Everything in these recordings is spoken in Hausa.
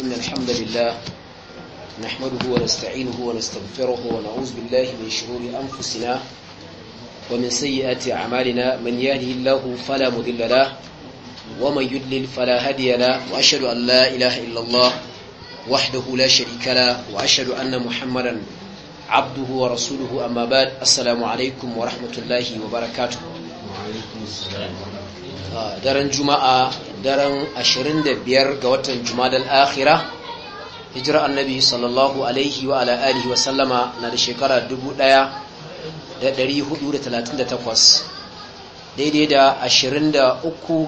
إن الحمد لله نحمده ونستعينه ونستغفره ونعوذ بالله من شرور أنفسنا ومن سيئات أعمالنا من يهده الله فلا مضل له ومن يدلل فلا هادي له وأشهد أن لا إله إلا الله وحده لا شريك له وأشهد أن محمدا عبده ورسوله أما بعد السلام عليكم ورحمة الله وبركاته وعليكم السلام daren juma'a daren 25 ga watan jumadal akhira hijira annabi sallallahu alaihi wa ala alihi wa sallama na da shekara 1438 daidai da 23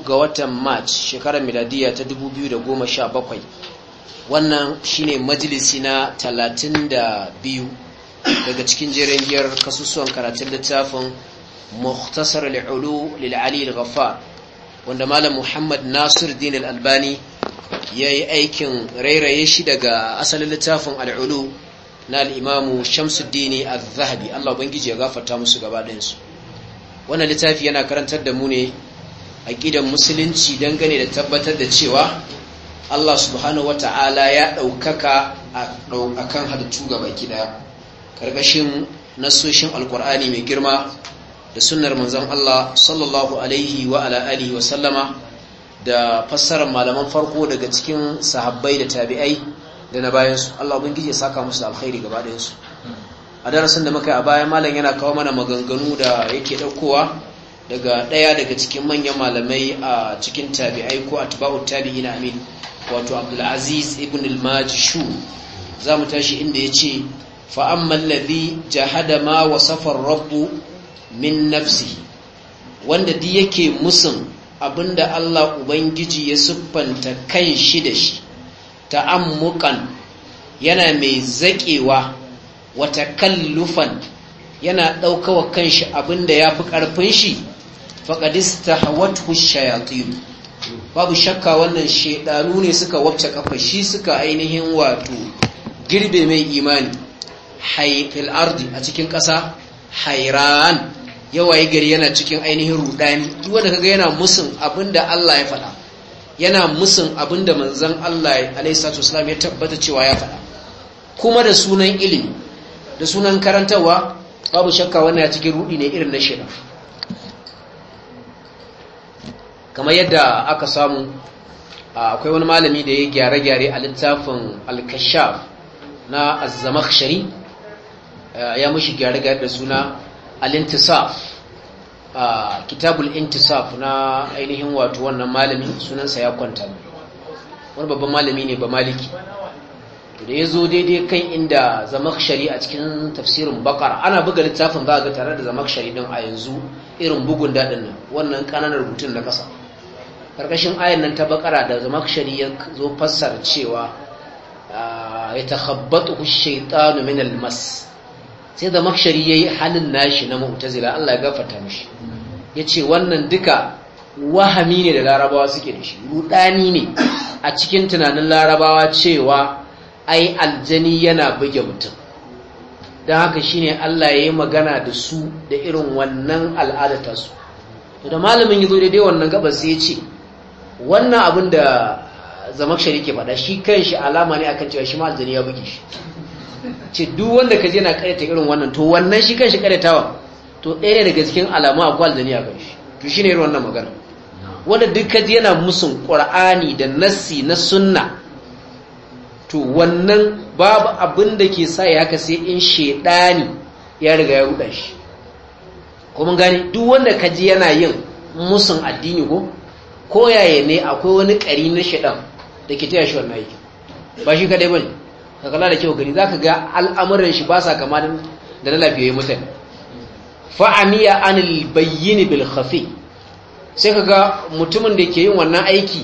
ga watan march shekarar miladiya ta 2017 wannan shine majalisi na 32 daga cikin jerin giyar kasusuwan karatun littafin muhtasar al'ulu lil'ali al-ghaffar wanda malam muhammad nasir din al-albani ya yi aikin rairaye shi daga asalin littafin al'ulu na al'imamu shamsuddini al-zahabi allah ubangiji ya gafarta musu gaba ɗinsu wannan littafi yana karantar da mu ne gidan musulunci dangane da tabbatar da cewa allah subhanahu wata'ala ya ɗaukaka a kan halittu gaba gida." ɗaya ƙarƙashin nasoshin alƙur'ani mai girma da sunnar manzon Allah sallallahu alaihi wa ala alihi wa sallama da fassarar malaman farko daga cikin sahabbai da tabi'ai da na bayansu, Allah ya saka musu da alkhairi gaba ɗayan su a darasin da muka yi a baya malam yana kawo mana maganganu da yake ɗaukowa daga ɗaya daga cikin manyan malamai a cikin tabi'ai ko atba'u tabi'in amin wato Abdul Aziz ibn al-Majshu zamu tashi inda yace fa amma alladhi jahada ma wasafa ar-rabb min nafsi, wanda di yake musun abinda Allah Ubangiji ya siffanta kan shi da shi ta'ammukan yana mai zaƙewa wata kallufan yana ɗaukawa kanshi abinda ya fi ƙarfin shi faƙadista hawatu shayatun babu shakka wannan shaidanu ne suka wabce kafa shi suka ainihin wato girbe mai imani haifil ardi a cikin ƙasa hairan yawaye gari yana cikin ainihin rudani duk wanda kaga yana musun abinda Allah ya faɗa yana musun abinda manzon Allah alaihi salatu wasallam ya tabbata cewa ya faɗa kuma da sunan ilimi da sunan karantawa babu shakka wannan ya cikin rudi ne irin na shida kamar yadda aka samu akwai wani malami da ya gyare-gyare a littafin al-kashaf na az-zamakhshari ya mushi gyare-gyare da suna al-intisaf kitabul intisaf na ainihin wato wannan malami sunansa ya kwanta wani babban malami ne ba maliki da ya zo daidai kan inda zama shari a cikin tafsirin baƙar, ana buga littafin za a ga tare da shari din a yanzu irin bugun daɗin nan wannan ƙananan rubutun na ƙasa ƙarƙashin ayan nan ta bakara da shari ya zo fassara cewa ya takhabbatu shaitanu min mas sai da makshari yi halin nashi na mu'tazila Allah ya gafarta mishi ce wannan duka wahami ne da larabawa suke da shi rudani ne a cikin tunanin larabawa cewa ai aljani yana buge mutum don haka shi ne Allah ya yi magana da su da irin wannan al'adata su to da malamin zo daidai wannan gaba sai ya ce wannan abin da zamakshari ke faɗa shi kanshi alama ne akan cewa shi ma aljani ya buge shi ce duk wanda ka je na karyata irin wannan to wannan shi kanshi karyatawan to ɗaya ne daga cikin alamu a kwal da ni a shi, to shi ne wannan magana wanda duk ka je yana musun ƙur'ani da nassi na sunna to wannan babu abin da ke sa ya haka sai in shedani ya riga ya ruɗa shi kuma gani duk wanda ka je yana yin musun addini ko koyaye ne akwai wani ƙari na shedan da ke taya shi wannan aiki ba shi kadai bane ka kalla da kyau gani zaka ga al'amuran shi ba sa kama da na lafiyoyi mutane fa'amiya anil bayyin bil khafi sai kaga mutumin da ke yin wannan aiki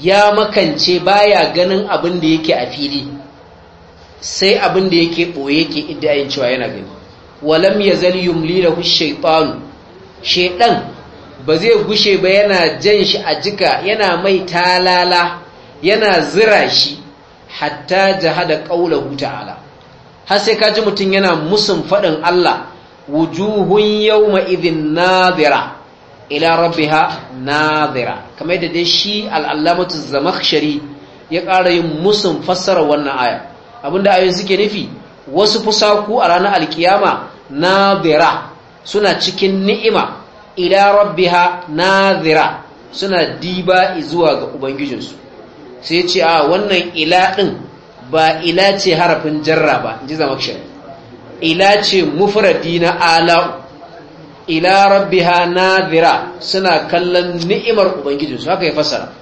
ya makance baya ganin abin da yake a fili sai abin da yake boye yake yin cewa yana gani walam yazal yumli lahu shaytan shaytan ba zai gushe ba yana jan shi a jika yana mai talala yana zira shi hatta jahada qaulahu ta'ala har sai kaji mutun yana musun fadin Allah wujuhun yawma idhin nadira ila rabbiha nadira kamar yadda dai shi al-allamatu zamakhshari ya ƙara yin musun fassara wannan aya abinda ayoyin suke nufi wasu fusaku a ranar alkiyama nadira suna cikin ni'ima ila rabbiha nadira suna diba zuwa ga ubangijinsu sai ce a wannan ila ɗin ba ila ce harafin jarra ba ji zamakshari ila ce mufradi na ala'u ila rabbiha nadira suna kallon ni'imar ubangijinsu haka ya fassara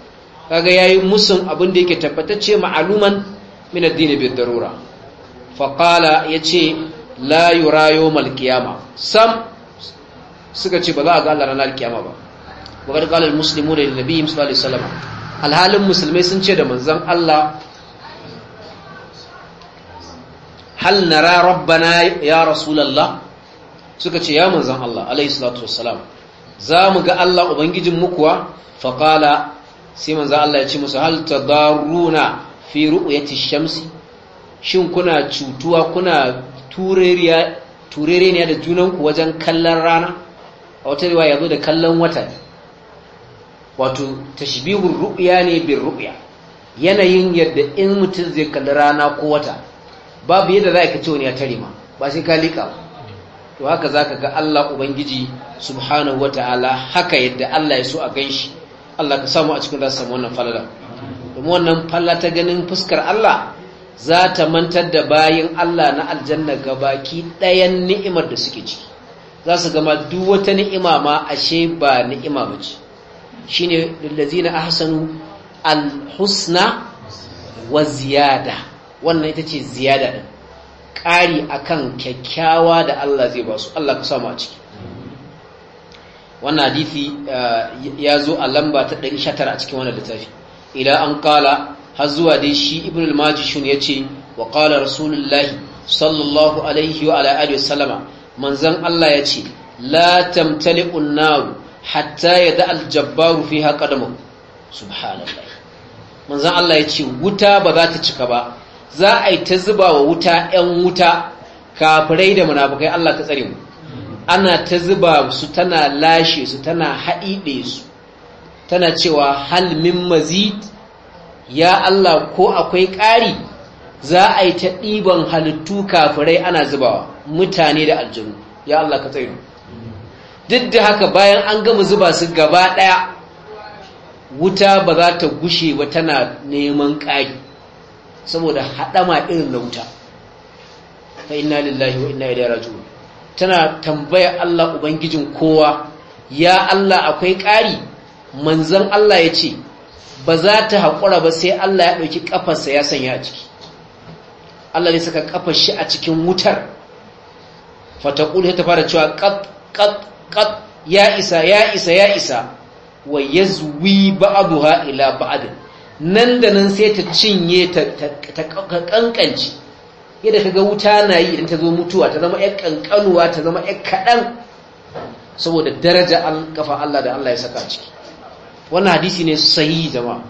kaga yayi musun abin da yake tabbatacce ma'aluman min addini bi darura fa qala yace la yura yawmal qiyama sam suka ce ba za a ga Allah ranar kiyama ba wa qala al-muslimuna lin nabiy sallallahu alaihi wasallam alhalin musulmai sun ce da manzan Allah hal nara rabbana ya rasulallah suka ce ya manzan Allah alaihi salatu wassalam za mu ga Allah ubangijin mu kuwa sai manzan Allah ya ce musu hal tadarruna fi ru'yati shamsi shin kuna cutuwa kuna tureriya turere da junanku wajen kallon rana a wata riwaya yazo da kallon wata wato tashbihur ru'ya ne bin ru'ya yanayin yadda in mutum zai kalli rana ko wata babu yadda za ka ce wani ya tare ma ba sai ka lika to haka zaka ga Allah Ubangiji subhanahu wataala haka yadda Allah ya so a ganshi. Allah ka samu a cikin za samu wannan falala domin wannan falala ta ganin fuskar Allah za ta mantar da bayin Allah na aljanna gabaki ɗayan ni'imar da suke ciki za su gama duk wata ni'ima ma ashe ba ni'ima ba ce shine lillazina ahsanu alhusna wa ziyada wannan ita ce ziyada din ƙari akan kyakkyawa da Allah zai ba su Allah ka samu a ciki wannan hadisi eh, ya zo a lamba ta 119 a cikin wannan littafi ila an kala har zuwa dai shi ibn al-majishun yace wa qala rasulullahi sallallahu alaihi wa ala alihi wasallama manzon Allah yace la tamtali'un nar hatta ya da aljabbaru fi haka da subhanallah manzan Allah ya ce wuta ba za ta cika ba za a yi ta zuba wa wuta 'yan wuta kafirai da munafukai Allah ka tsare mu ana ta zuba su tana lashe su tana haɗiɗe su tana cewa hal min mazid ya Allah ko akwai ƙari za a yi ta ɗiban halittu kafirai ana zubawa mutane da aljanu ya Allah ka tsare mu duk da haka bayan an gama zuba su gaba ɗaya wuta ba za ta gushe ba tana neman ƙari saboda haɗama irin na wuta fa ina lillahi wa ina idara raji'un tana tambaya Allah ubangijin kowa ya Allah akwai ƙari manzon Allah ya ce ba za ta haƙura ba sai Allah ya ɗauki ƙafarsa ya sanya a ciki Allah ne saka ƙafar shi a cikin wutar Fata ƙuli ta fara cewa ƙat ƙat qad ya isa ya isa ya isa wa yazwi ba'daha ila ba'd nan da nan sai ta cinye ta kankanci yadda kaga wuta na yi idan ta zo mutuwa ta zama yar kankanuwa ta zama yar kadan saboda daraja an kafa Allah da Allah ya saka ciki wannan hadisi ne sahihi jama'a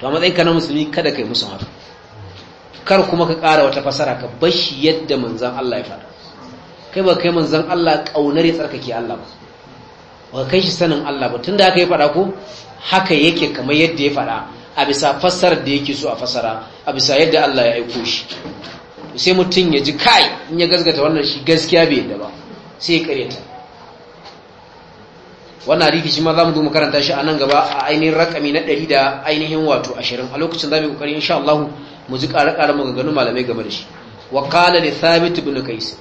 to a matsayin ka na musulmi kada kai musu haka kar kuma ka ƙara wata fasara ka bashi yadda manzan Allah ya faɗa kai ba kai manzan Allah kaunar ya tsarkake Allah ba ba kai shi sanin Allah ba tun da aka yi fada ko haka yake kamar yadda ya fada a bisa fassarar da yake so a fassara a bisa yadda Allah ya aiko shi sai mutum ya ji kai in ya gazgata wannan shi gaskiya bai yadda ba sai ya kareta wannan hadisi shi ma zamu zo mu karanta shi a nan gaba a ainihin rakami na ɗari da ainihin wato 20 a lokacin zamu yi kokari insha Allah mu ji ƙara ƙara ganu malamai game da shi wa qala li thabit ibn qais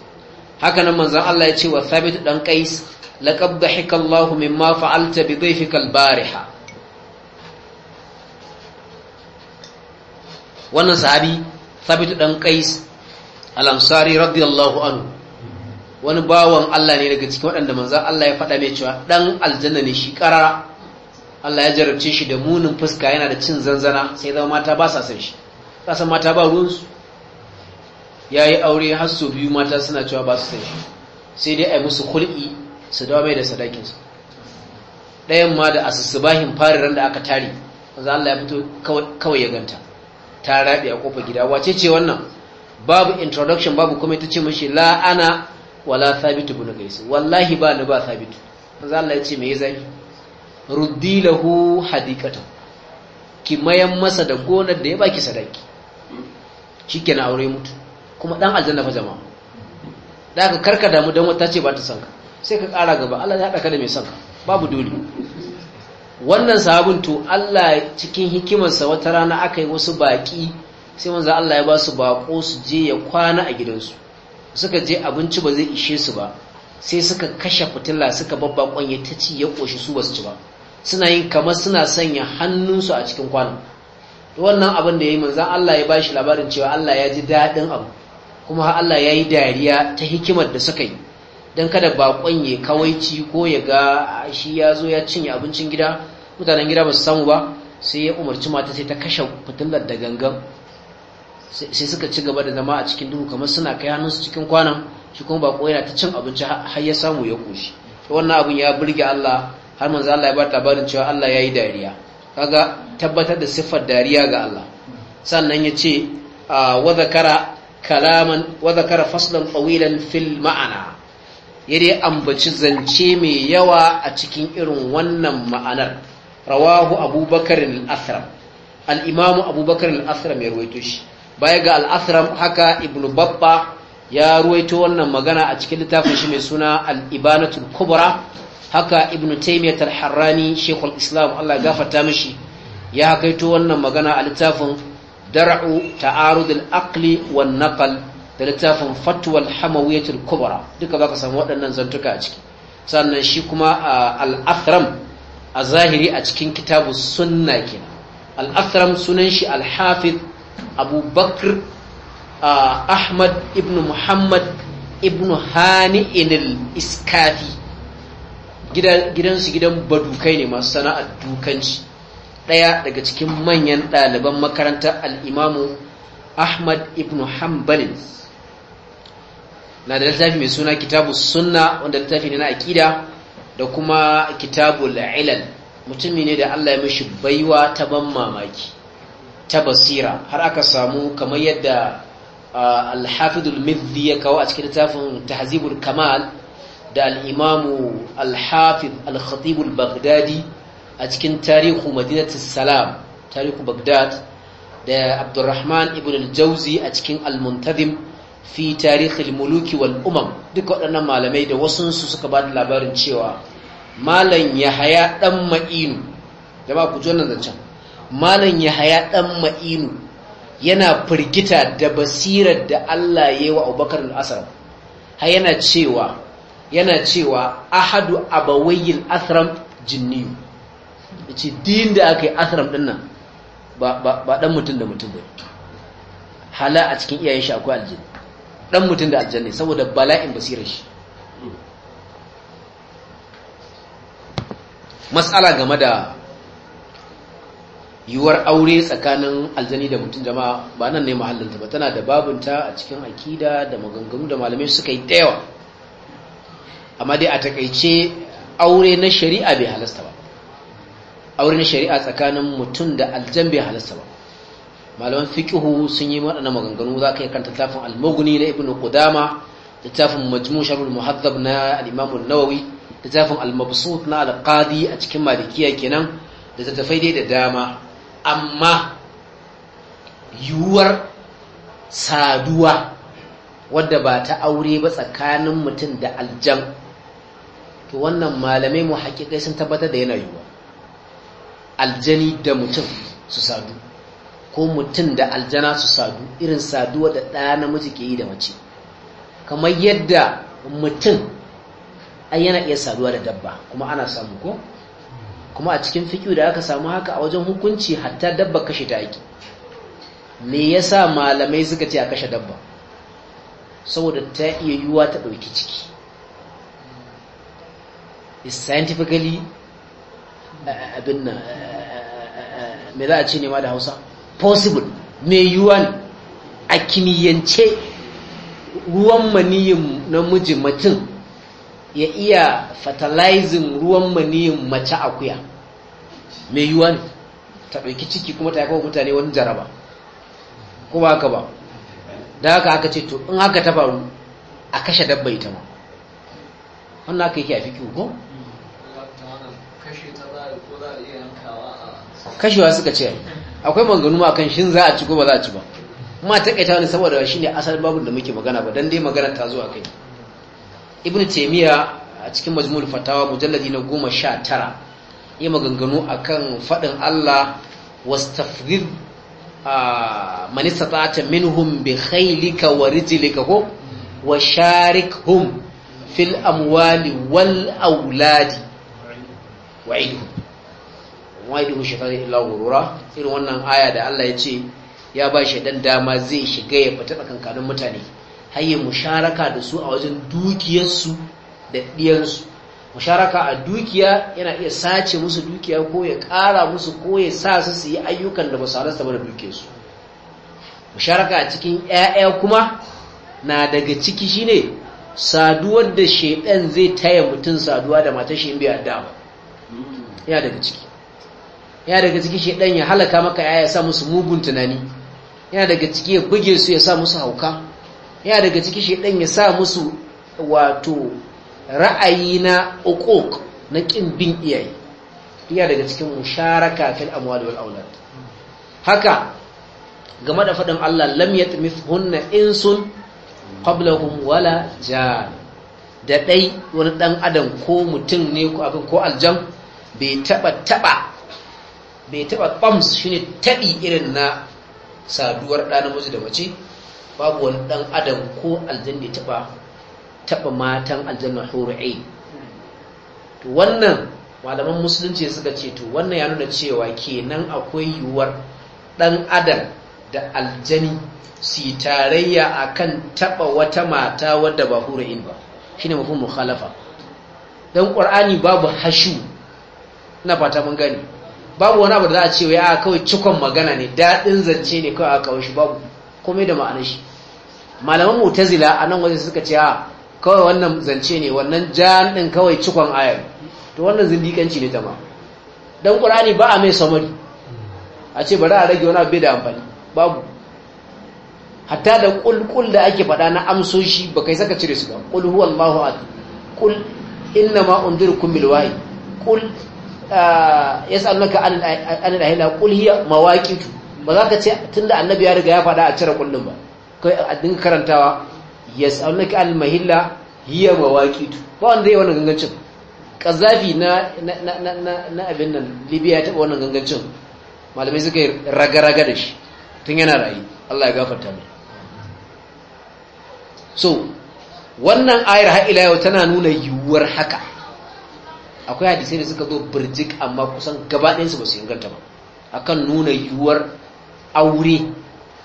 haka nan manzon Allah ya ce wa sabit dan Qais laqad dhahika Allahu mimma fa'alta bi fi bariha wannan sahabi sabit dan Qais al-Ansari radiyallahu anhu wani bawan Allah ne daga cikin waɗanda manzan Allah ya faɗa mai cewa dan aljanna ne shi karara Allah ya jarabce shi da munin fuska yana da cin zanzana sai zama mata ba sa san shi kasan mata ba ruwansu ya yi aure har su biyu mata suna cewa ba su san shi sai dai a yi musu kulki su dawa mai da sadakinsu ɗayan ma da bahin fari ran da aka tare za Allah ya fito kawai ya ganta ta rabi a ƙofar gida wace ce wannan babu introduction babu kuma ta ce mashi la ana wala thabitu bin gaisu wallahi ba ni ba thabitu za Allah ya ce me zafi ruddi lahu hadiqatan ki mayan masa da gonar da ya baki sadaki shikenan aure mutu kuma dan aljanna fa jama'a da ka karka damu dan wata ce ba ta sanka sai ka ƙara gaba Allah ya hada ka da mai sanka babu dole wannan sahabin to Allah cikin hikimarsa wata rana aka yi wasu baƙi sai manzo Allah ya ba su baƙo su je ya kwana a gidansu suka je abinci ba zai ishe su ba sai suka kashe fitila suka babbakon ya ta ci ya ƙoshi su basu ci ba suna yin kamar suna sanya hannunsu a cikin kwanan wannan abin da ya yi manzan Allah ya ba labarin cewa Allah ya ji daɗin abu kuma har Allah ya yi dariya ta hikimar da suka yi don kada bakon ya kawaici ko ya ga shi ya zo ya cinye abincin gida mutanen gida ba su samu ba sai ya umarci mata sai ta kashe fitilar da gangan sai suka ci gaba da zama a cikin duhu kamar suna kai hannunsu cikin kwanan shi kuma bako yana ta cin abinci har ya samu ya kushi wannan abin ya burge Allah har manzo Allah ya ba labarin cewa Allah ya yi dariya kaga tabbatar da siffar dariya ga Allah sannan ya ce wa zakara kalaman wa zakara faslan tawilan fil ma'ana ya dai ambaci zance mai yawa a cikin irin wannan ma'anar rawahu abubakar al-asram al-imamu abubakar al-asram ya ruwaito shi baya ga al-asram haka ibn babba ya ruwaito wannan magana a cikin littafin shi mai suna al-ibanatul kubra haka ibn taymiyyah al-harrani islam Allah ya gafarta mishi ya hakaito wannan magana a littafin dar'u ta'arudul aqli wan naqal da littafin fatwal hamawiyatul kubra duka baka samu waɗannan zantuka a ciki sannan shi kuma al-athram a zahiri a cikin kitabu sunna kenan al-athram sunan shi al-hafiz Bakr, ahmad ibn muhammad ibn hani'in al-iskafi gidansu gidan badukai ne masu sana'ar dukanci ɗaya daga cikin manyan ɗaliban makarantar al'imamu ahmad ibn hanbalin na da littafi mai suna kitabu sunna wanda littafi ne na aƙida da kuma kitabu la'ilal mutumi ne da allah ya mashi baiwa ta ban mamaki ta basira har aka samu kamar yadda alhafidul mizzi ya kawo a cikin littafin tahzibul kamal da al'imamu alhafid al-khatibul a cikin tarihu madinatu salam tarihu bagdad da abdurrahman ibn al jawzi a cikin al-muntazim fi tarihil muluki wal umam duka waɗannan malamai da wasunsu suka ba da labarin cewa malam yahaya dan ma'inu jama'a ku malam yahaya dan ma'inu yana firgita da basirar da Allah ya yi wa Abubakar al har yana cewa yana cewa ahadu abawayil asram jinniyu ya ce din da aka yi asiram ɗin nan ba ɗan mutum da mutum ba hala a cikin iyayen shi akwai aljini ɗan mutum da aljanni saboda bala'in basirar shi matsala game da yiwuwar aure tsakanin aljani da mutum jama'a ba nan ne mahallinta ba tana da babinta a cikin akida da maganganu da malamai suka yi dayawa amma dai a takaice aure na shari'a bai halasta ba aure na shari'a tsakanin mutum da aljan bai halasta ba malaman fiƙihu sun yi waɗannan maganganu za ka yi kan littafin almoguni na ibnu qudama littafin majmu' sharul muhazzab na al'imamun nawawi littafin al na al a cikin malikiya kenan da tattafai dai da dama amma yiwuwar saduwa wadda ba ta aure ba tsakanin mutum da aljan to wannan malamai mu haƙiƙai sun tabbatar da yana yiwuwa aljani da mutum su sadu ko mutum da aljana su sadu irin saduwa da ɗaya namiji ke yi da mace kamar yadda mutum ai yana iya saduwa da dabba kuma ana samu ko kuma a cikin fikiyu da aka samu haka a wajen hukunci hatta dabba kashe ta aiki me yasa malamai suka ce a kashe dabba saboda ta iya yiwuwa ta ɗauki ciki is scientifically abin nan me za a ce ne ma da hausa possible Me yiwuwa ne a kimiyyance ruwan maniyin namiji mutum ya iya fertilizing ruwan maniyin mace akuya Me yiwuwa ne ta ɗauki ciki kuma ta haifar mutane wani jaraba ko ba haka ba da haka aka ce to in haka ta faru a kashe dabba ita ma wannan aka yake a fi ko kashewa suka ce akwai manganu ma kan shin za a ci ko ba za a ci ba ma takaita wani saboda shi ne asalin babu da muke magana ba dan dai magana ta zo kai ibnu taymiya a cikin majmul fatawa mujalladi na goma sha tara ya maganganu akan faɗin allah wastafrid man ta minhum bi khailika wa rijlika ko wa sharikhum fil amwali wal auladi wa'idhum wa idu shaytan illa ghurura irin wannan aya da Allah ya ce ya ba shaitan dama zai shiga ya fita tsakankanin mutane har musharaka da su a wajen dukiyarsu da diyansu musharaka a dukiya yana iya sace musu dukiya ko ya ƙara musu ko ya sa su su yi ayyukan da ba su halasta ba da dukiyarsu musharaka a cikin 'ya'ya kuma na daga ciki shine saduwar da shaiɗan zai taya mutum saduwa da matashi shi in bai adda yana daga ciki yana daga ciki shedan ya halaka maka ya sa musu mugun tunani yana daga ciki ya buge su ya sa musu hauka yana daga ciki shedan ya sa musu wato ra'ayi na uquq na kin bin iyaye yana daga cikin musharaka fil amwal wal aulad haka game da faɗin Allah lam yatmithunna insun qablahum wala jan da dai wani dan adam ko mutum ne ko abin ko aljan bai taba taba bai taba bams shine tabi irin na saduwar ɗa namiji da mace babu wani ɗan adam ko aljanna ya taba taba matan aljanna huru'i to wannan malaman musulunci suka ce to wannan ya nuna cewa kenan akwai yiwuwar ɗan adam da aljani su tarayya akan kan taɓa wata mata wadda ba hura'in ba shi ne mafi mukhalafa don ƙwar'ani babu hashu na fata mun gani babu wani abu da za a ce wai a ah, kawai cikon magana ne daɗin zance ne kawai a kawai shi babu komai da ma'anar shi malaman mutazila a nan wajen suka ce a ah, kawai wannan zance ne wannan jan ɗin kawai cikon ayar to wannan zindikanci ne ta ma don ƙurani ba a mai samari a ce bari a rage wani abu da amfani babu hatta da ƙulƙul da ake faɗa na amsoshi ba kai saka cire su ba ƙul huwa allahu a ƙul inna ma undir kun milwayi ƙul yas'alunaka anil ahilla qul hiya mawaqitu ba za ka ce tunda annabi ya riga ya fada a cire kullun ba kai a dinga karantawa yas'alunaka anil mahilla hiya mawaqitu ba wanda yayi wannan gangancin kazafi na na abin nan libya ya taɓa wannan gangancin malamai suka yi raga-raga da shi tun yana rayu Allah ya gafarta mai so wannan ayar ila yau tana nuna yiwuwar haka akwai hadisai da suka zo birjik amma kusan gabaɗinsu ba su inganta ba akan nuna yiwuwar aure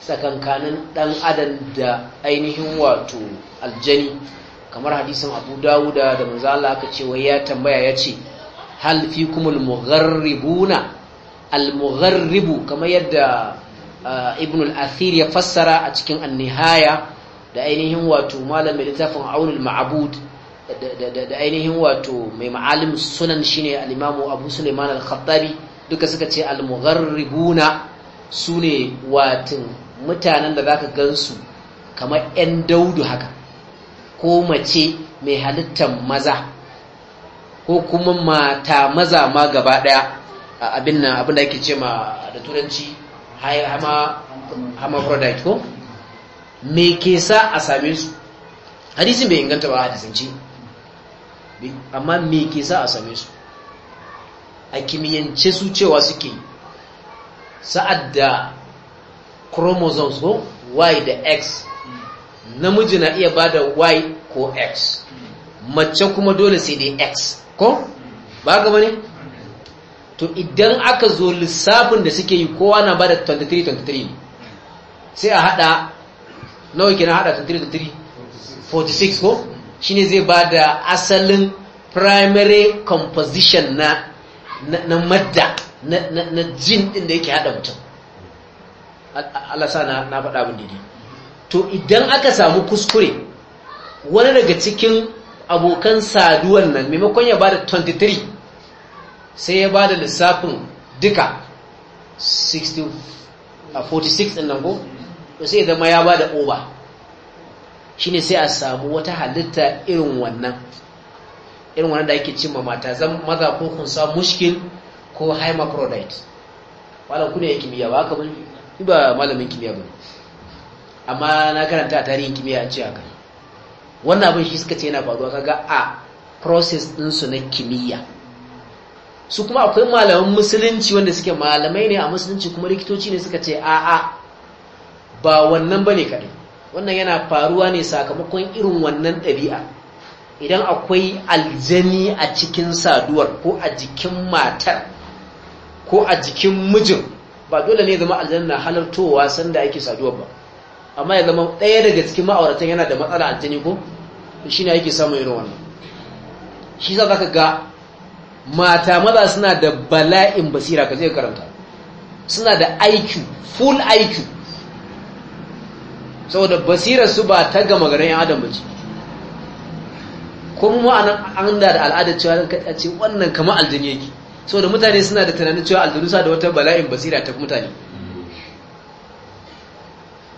tsakankanin ɗan adam da ainihin wato aljani kamar hadisan abu dawuda da manzala aka ce wai ya tambaya ya ce hal fi kumul al kamar yadda ah, ibn al-athir ya fassara a cikin annihaya da ainihin wato malamin littafin aunul ma'abud da ainihin wato mai ma'alim sunan shine al-imamu abu suleiman al-khattabi duka suka ce al-mugharribuna su ne watin mutanen da zaka gansu kamar 'yan daudu haka ko mace mai halittar maza ko kuma mata maza ma gaba daya abin abin da ake ce ma da turanci hama product ko me ke sa a same su hadisin bai inganta ba hadisin ce amma me ke sa a same su a kimiyance su cewa suke yi sa'ad da chromosomes ko y da x namiji na iya ba da y ko x mace kuma dole sai dai x ko ba gaba ne to idan aka zo lissafin da suke yi kowa na ba da 23-23 sai a hada nawa ke na hada 23-23 46 ko shine zai ba da asalin primary composition na na madda na jin din da yake hada mutum Allah sa na faɗa abin dide to idan aka samu kuskure wani daga cikin abokan saduwan nan maimakon ya ba da 23 sai ya ba da lissafin duka 46 ɗin nan ko sai zama ya ba da over shine sai a samu wata halitta irin wannan irin wannan da ake cimma mata zan maza ko sa mushkil ko hermaphrodite wala kuna ya kimiyya ba haka bane ba malamin kimiyya ba amma na karanta a tarihin kimiyya a ce haka wannan abin shi suka ce yana faruwa kaga a process din su na kimiyya su kuma akwai malaman musulunci wanda suke malamai ne a musulunci kuma likitoci ne suka ce a'a ba wannan bane kaɗai wannan yana faruwa ne sakamakon irin wannan ɗabi'a idan akwai aljani a cikin saduwar ko a jikin matar ko a jikin mijin ba dole ne zama aljani na halartowa sanda ake saduwar ba amma ya zama ɗaya daga cikin ma'auratan yana da matsala aljani ko shi ne ake samun irin wannan shi za ka ga mata maza suna da bala'in basira ka zai karanta suna da IQ full IQ saboda basirar su ba ta gama garin yan adam bace kuma mu an da al'ada cewa ka ce wannan kama aljin yake saboda mutane suna da tunanin cewa aljinu sa da wata bala'in basira ta mutane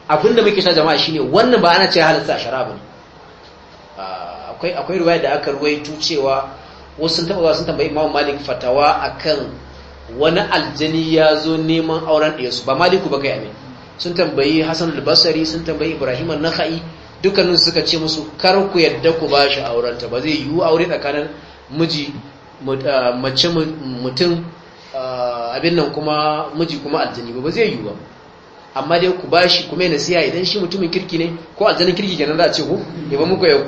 abinda muke sha jama'a shine wannan ba ana cewa halatta shara bane ah, akwai akwai ruwaya da aka ruwaito cewa wasu sun taba sun tambayi Imam Malik fatawa akan wani aljani ya zo neman auren ɗiyarsu ba Maliku ba kai amin sun tambayi Hassan al-Basri sun tambayi Ibrahim al nakhai dukkanin suka ce musu kar ku yadda ku ba shi aurenta ba zai yiwu aure tsakanin miji uh, mace mutum uh, abin nan kuma miji kuma aljani ba zai yiwu ba amma dai ku bashi kuma yana siya idan shi mutumin kirki ne ko aljanin kirki kenan za a ce ku ya ba muku yau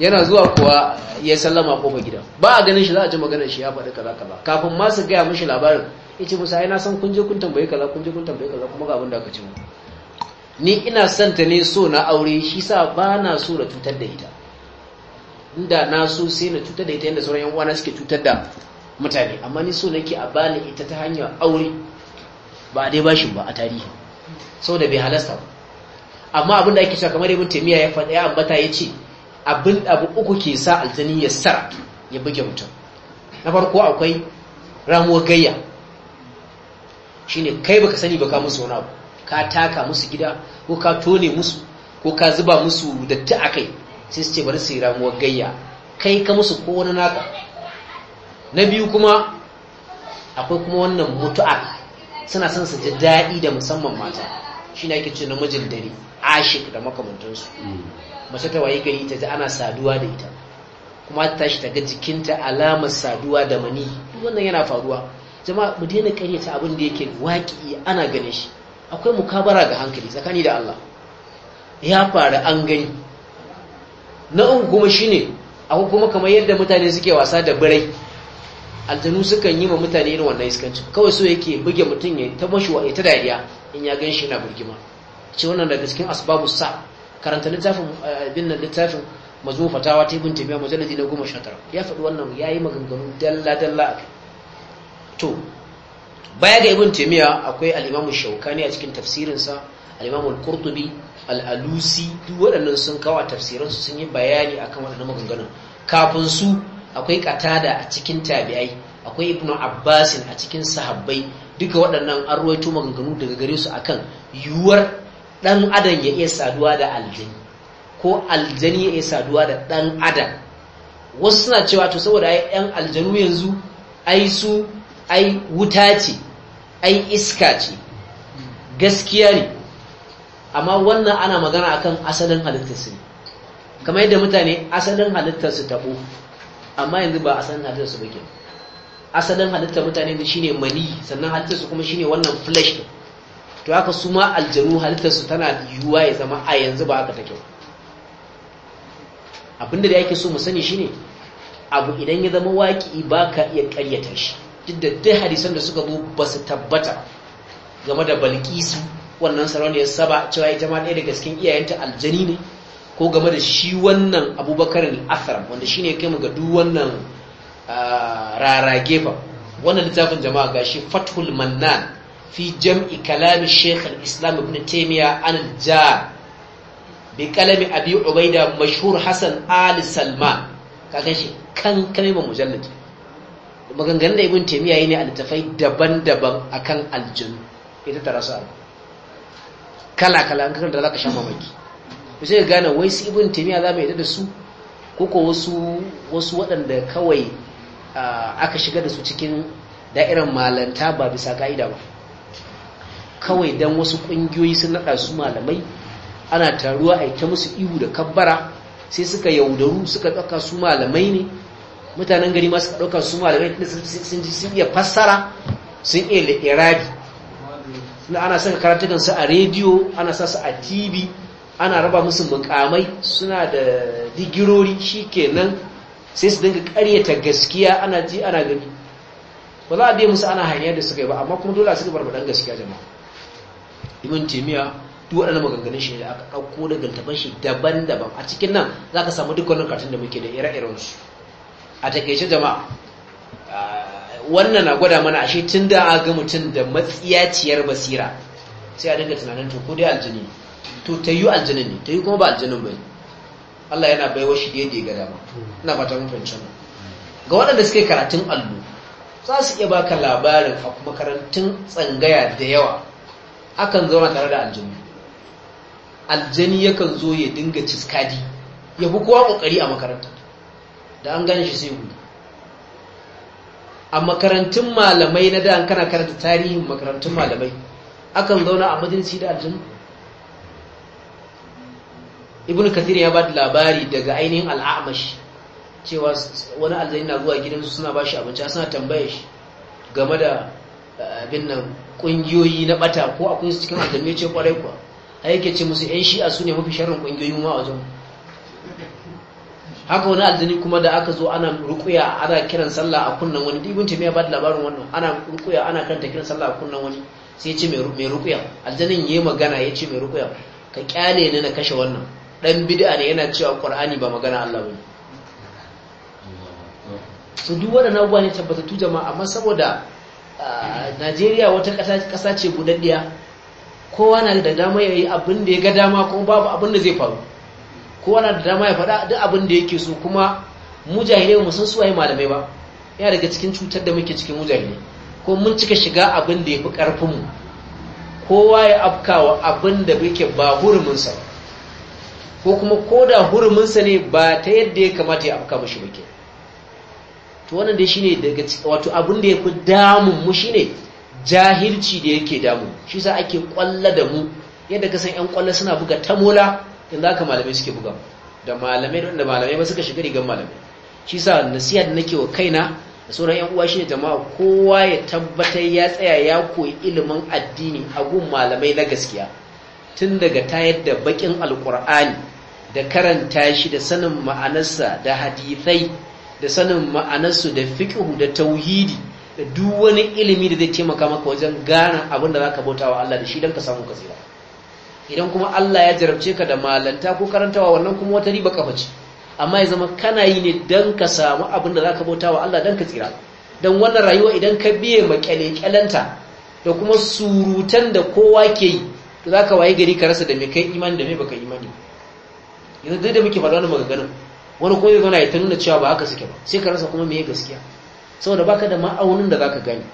yana zuwa kuwa ya sallama ko gida ba a ganin shi za a ji maganar shi ya faɗi kaza kaza kafin ma su gaya mishi labarin ce musa yana na san kun je kun tambayi kaza kun je kun tambayi kaza kuma ga abin da aka ci mu ni ina son ta ne so na aure shi sa ba na so na cutar da ita inda na so sai na cutar da ita yadda sauran yan uwana suke cutar da mutane amma ni so nake a bani ita ta hanyar aure ba dai bashin ba a tarihi saboda bai halasta ba amma abin da ake cewa kamar ibn taimiyya ya faɗa ya ambata ya ce abin abu uku ke sa aljani ya sara ya buge mutum na farko akwai ramuwar gayya shine kai baka sani baka musu wani abu ka taka musu gida ko ka tone musu ko ka zuba musu datti a kai sai su ce bari su yi ramuwar gayya kai ka musu ko wani naka na biyu kuma akwai kuma wannan mutu'a suna son su ji daɗi da musamman mata shi ne ake ce namijin dare ashik da makamantansu hmm. mace ta waye gari ta ji ana saduwa da ita kuma ta tashi ta ga jikinta alamar saduwa da mani wannan yana faruwa jama'a mu daina karyata abin da yake waki ana ganin shi akwai mukabara ga hankali tsakani da Allah ya fara an gani na uku kuma shine akwai kuma kamar yadda mutane suke wasa da birai aljanu sukan yi ma mutane irin wannan iskanci. kawai so yake buge mutum ya ta wa ita dariya in ya ganshi shi yana burgima ce wannan daga cikin asbabu sa karanta littafin eh, bin nan littafin mazmu fatawa ta ibn tabiya mujalladi na goma sha tara ya faɗi wannan ya yi maganganu dalla dalla a to baya ga ibin tabiya akwai alimamun shauka ne a cikin tafsirinsa alimamun kurtubi al'alusi, duk waɗannan sun kawo tafsiransu sun yi bayani akan waɗannan maganganun kafin su akwai katada a cikin tabi'ai akwai ibnu abbasin a cikin sahabbai duka waɗannan an ruwaito maganganu daga gare su akan yiwuwar ɗan adam ya iya saduwa da aljani ko aljani ya iya saduwa da ɗan adam wasu suna cewa to saboda ai ɗan aljanu yanzu ai su ai wuta ce ai iska ce gaskiya ne amma wannan ana magana akan asalin halittarsu ne kamar yadda mutane asalin halittarsu taɓo amma yanzu ba asalin halittarsu ba ke asalin halittar mutane ne shine mani sannan halittarsu kuma shine wannan flash ɗin to haka su ma aljanu halittarsu tana yiwuwa ya zama a yanzu ba haka take abinda da yake so mu sani shine abu idan ya zama waƙi ba ka iya karyata shi duk da hadisan da suka zo ba su tabbata game da balkisu wannan sarauni ya saba cewa ita ma ɗaya daga cikin iyayenta aljani ne ko game da shi wannan abubakar al wanda shi ne kai mu ga duk wannan ah, rarage ba wannan littafin jama'a ga shi fathul mannan fi jam'i kalami sheikh islam ibn taimiyya an al-jar bi kalami abi ubaida mashhur hasan ali salman kakan shi kan kalmar mujallad maganganun da ibn taimiyya yi ne a littafai daban-daban akan aljinu ita tara su abu. kala-kala an kakar da za ka sha mamaki ku sai gane wai su ibn taimiyya za mu yadda da su koko wasu wasu waɗanda kawai aka shiga da su cikin da'irar malanta ba bisa ka'ida ba kawai dan wasu ƙungiyoyi sun naɗa su malamai ana taruwa a ita musu ihu da kabbara sai suka yaudaru suka ɗauka su malamai ne mutanen gari ma suka su malamai ne sun ji sun iya fassara sun iya na ana saka karatukan a rediyo ana sa su a tv ana raba musu mukamai suna da digirori shikenan sai su dinga karyata gaskiya ana ji ana gani ba za a biya musu ana hanyar da suka yi ba amma kuma dole a suka barbaɗan gaskiya jama'a ibn timiya duk waɗannan maganganun shi da aka ɗauko daga littafan shi daban-daban a cikin nan za ka samu dukkanin karatun da muke da ire-iren su a takaice jama'a wannan na gwada mana ashe tun da a ga mutum da matsiyaciyar basira sai a dinga tunanin to ko dai aljini to ta yi aljinin ne ta yi kuma ba aljinin ba ne Allah yana baiwa shi da yadda ya ga dama ina fata mun fahimci wannan ga waɗanda suke karatun allo za su iya baka labarin a makarantun tsangaya da yawa akan zama tare da aljanu aljani yakan zo ya dinga ciskadi ya fi kowa kokari a makaranta da an gane shi sai gudu a makarantun malamai na da kana karanta tarihin makarantun malamai akan zauna a majalisi da aljanu ibn kathir ya ba labari daga ainihin al'amashi cewa wani aljani na zuwa gidansu suna ba shi abinci suna tambaye shi game da abin nan kungiyoyi na bata ko a su cikin aljanu ce kwarai kuwa a yake ce musu yan shi'a su ne mafi sharrin kungiyoyi ma wajen haka wani aljani kuma da aka zo ana rukuya ana kiran sallah a kunnan wani ibn taymiya ba da labarin wannan ana rukuya ana kanta kiran sallah a kunnan wani sai ya ce mai rukuya aljanin yayi magana ya ce mai rukuya ka kyale ni na kashe wannan dan bid'a ne yana cewa qur'ani ba magana Allah bane su duk waɗannan abubuwa ne tabbatattu jama'a amma saboda najeriya wata kasa ce budaddiya kowa na da dama ya yi abin da ya ga dama kuma babu abin da zai faru kowa na da dama ya faɗa duk abin da yake so kuma mu mu san suwaye malamai ba yana daga cikin cutar da muke cikin mu ko mun cika shiga abin da ya fi ƙarfinmu kowa ya afkawa abin da muke ba huruminsa ko kuma ko da huruminsa ne ba ta yadda ya kamata ya afka mashi muke to wannan dai shine daga wato abin da yafi damun mu shine jahilci da yake damu shi sa ake kwalla da mu yadda ka san yan kwalla suna buga tamola yanzu haka malamai suke buga da malamai da malamai ba suka shiga rigan malamai shi sa nasiha da nake wa kaina da sauran yan uwa shine jama'a kowa ya tabbatar ya tsaya ya koyi ilimin addini a gun malamai na gaskiya tun daga tayar da bakin alkur'ani da karanta shi da sanin ma'anarsa da hadisai. da sanin ma'anarsu da fiƙihu da tauhidi da duk wani ilimi da zai taimaka maka wajen gane abin da ka bauta wa Allah da shi dan ka samu kasira idan kuma Allah ya jarabce ka da malanta ko karantawa wannan kuma wata riba kafa ce amma ya zama kana yi ne dan ka samu abin da ka bauta wa Allah dan ka tsira Don wannan rayuwa idan ka biye ma kyalanta da kuma surutan da kowa ke yi to za ka waye gari ka rasa da me kai imani da me baka imani yanzu duk da muke faɗa wannan maganganun wani kuma zai zauna ya ta nuna cewa ba haka suke ba sai ka rasa kuma meye gaskiya saboda baka da ma'aunin da zaka gani,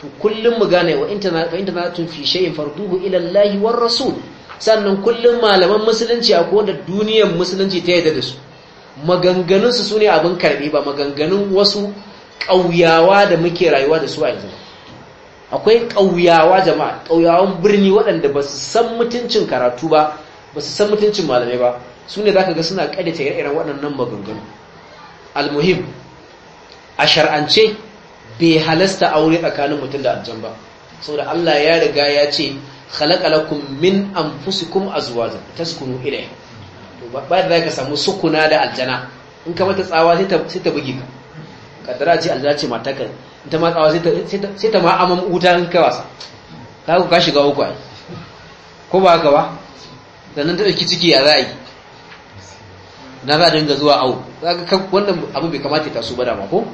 to kullum mu gane wa inta fa inta tun fi shay'in farduhu ila Allah war rasul sannan kullum malaman musulunci a duniyar musulunci ta yadda da su maganganun su sune abin karbi ba maganganun wasu kauyawa da muke rayuwa da su a yanzu akwai ƙauyawa jama'a ƙauyawan birni waɗanda ba su san mutuncin karatu ba ba su san mutuncin malamai ba su ne za ka ga suna ƙadita ire-iren waɗannan maganganu almuhim a shar'ance bai halasta aure tsakanin mutum da aljan ba saboda Allah ya riga ya ce halakalakun min an anfusikum azwajan taskunu ilayha to ba da ka samu sukuna da aljana in ka mata tsawa sai ta bugi ka kadara ce aljana ce mata ka ita ma tsawa sai ta sai ta ma amam uta in ka wasa ka ka shiga uku ai ko ba ka ba sannan ta ɗauki ciki ya za a yi na za a dinga zuwa awo wannan abu bai kamata ta su ba ma ko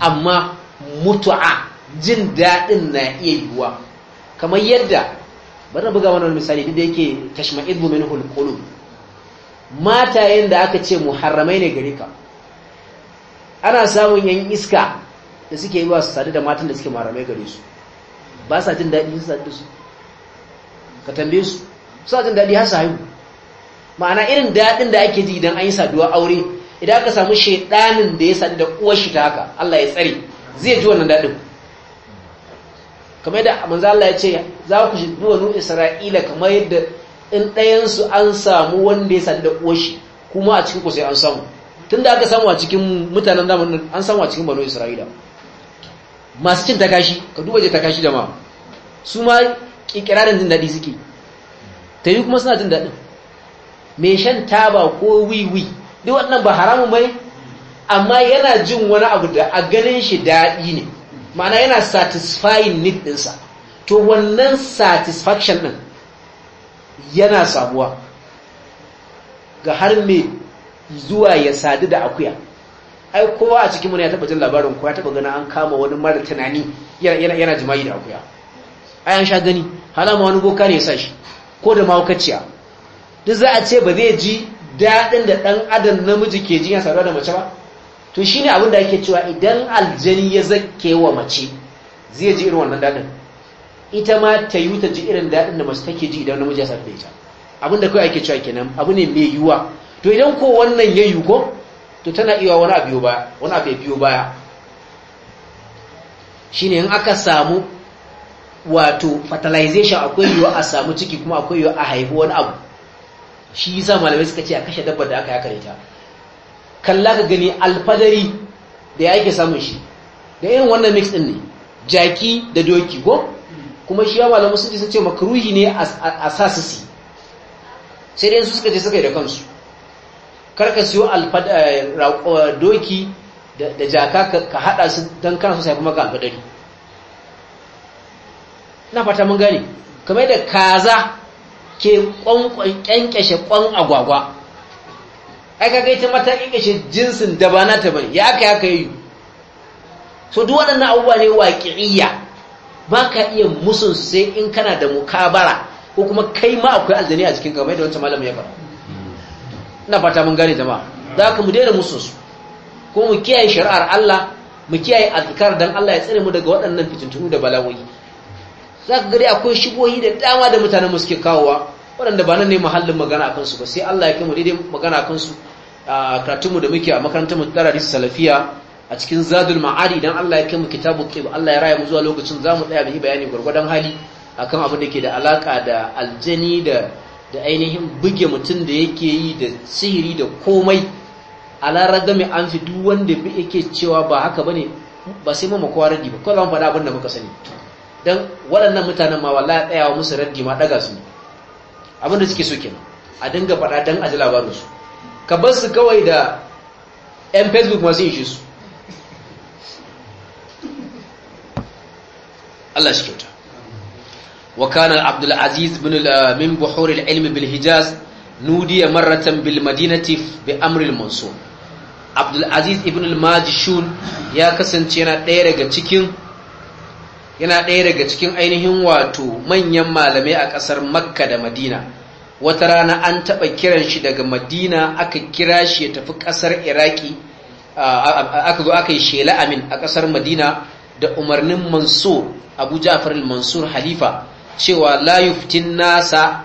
amma mutu'a jin daɗin na iya yiwuwa kamar yadda bari buga wannan misali duk da yake tashma'idu minhul qulub Mata da aka ce muharramai ne gare ka ana samun yan iska da suke yi su sadu da matan da suke muharramai gare su ba sa jin daɗi su sadu su ka tambaye su sa jin daɗi har su haihu ma'ana irin daɗin da ake ji idan an yi saduwa aure idan aka samu shaidanin da ya sadu da uwar shi ta haka Allah ya tsare zai ji wannan daɗin kamar yadda manzo Allah ya ce za ku shiga wani Isra'ila kamar yadda in ɗayan su an samu wanda ya sadu da uwar shi kuma a cikin ku sai an samu tunda aka samu a cikin mutanen zamanin an samu a cikin banu Isra'ila masu cin takashi ka duba je takashi da ma su ma kikirarin jin daɗi suke ta yi kuma suna jin daɗin mai shan taba ko wiwi duk wannan ba haramun bane amma yana jin wani abu da a ganin shi daɗi ne ma'ana yana satisfying need ɗinsa to wannan satisfaction ɗin yana samuwa ga har mai zuwa ya sadu da akuya ai kowa a cikin muna ya taɓa jin labarin ko ya taɓa gana an kama wani mara tunani yana jima'i da akuya ai an sha gani halama wani boka ne ya sa shi ko da mahaukaciya duk za a ce ba zai ji daɗin da ɗan adam namiji ke jiya ya da mace ba to shi abin da ake cewa idan aljani ya zake wa mace zai ji irin wannan daɗin ita ma ta yi ta ji irin daɗin da mace take ji idan namiji ya saduwa da ita abin da kawai ake cewa kenan abu ne mai yiwuwa to idan ko wannan ya yiwu ko to tana iya wani abu baya wani abu biyo baya shine in aka samu wato fertilization akwai yiwuwa a samu ciki kuma akwai yiwuwa a haifi wani abu shi yasa malamai suka ce a kashe dabbar da aka ya da ita kalla ka gani alfadari da yake samun shi da irin wannan mix din ne jaki da doki ko kuma shi ya malamai sun ce sun ce makruhi ne a sasisi sai dai su suka ce suka yi da kansu karka siyo eh, eh, doki da jaka ka hada su don kana so sai kuma ka alfadari na fata mun gane kamar da kaza ke kyankyashe kwan agwagwa ai kaga ita mata kyankyashe jinsin da ba nata bane ya aka yaka yi so duk waɗannan abubuwa ne waƙi'iyya ba ka iya musun sai in kana da mukabara ko kuma kai ma akwai aljani a cikin kamar da wancan malam ya fara ina fata mun gane jama'a za ka mu daina musun su ko mu kiyaye shari'ar Allah mu kiyaye azkar dan Allah ya tsare mu daga waɗannan fitintunu da balawoyi za ka gari akwai shigohi da dama da mutanen mu suke kawowa waɗanda ba nan ne mahallin magana akan su ba sai Allah ya kai mu daidai magana akan su a karatunmu da muke a makarantar mu tsara hadisi salafiya a cikin zadul ma'ari dan Allah ya kai mu kitabu qib Allah ya raya mu zuwa lokacin zamu tsaya mu bayani gurgurdan hali akan abin da ke da alaka da aljani da da ainihin buge mutum da yake yi da sihiri da komai ala ragami an fi duk wanda yake cewa ba haka bane ba sai mu makwaradi ba ko zan faɗa abin da muka sani Dan waɗannan mutanen ma wallahi tsayawa musu raddi ma ɗaga su abin da suke so kenan a dinga faɗa dan a ji labarinsu ka bar su kawai da 'yan facebook masu shi su Allah shi kyauta wa kana abdul aziz bin Lamin eh, buhur al-ilm bil hijaz nudiya maratan bil madinati bi amri al-mansur abdul aziz ibn al-majshun ya kasance yana ɗaya daga cikin yana ɗaya daga cikin ainihin wato manyan malamai a ƙasar makka da madina wata rana an taɓa kiran shi daga madina aka kira shi ya tafi ƙasar iraki aka zo aka yi shela amin a ƙasar madina da umarnin mansur abu ja'far mansur halifa cewa la fitin nasa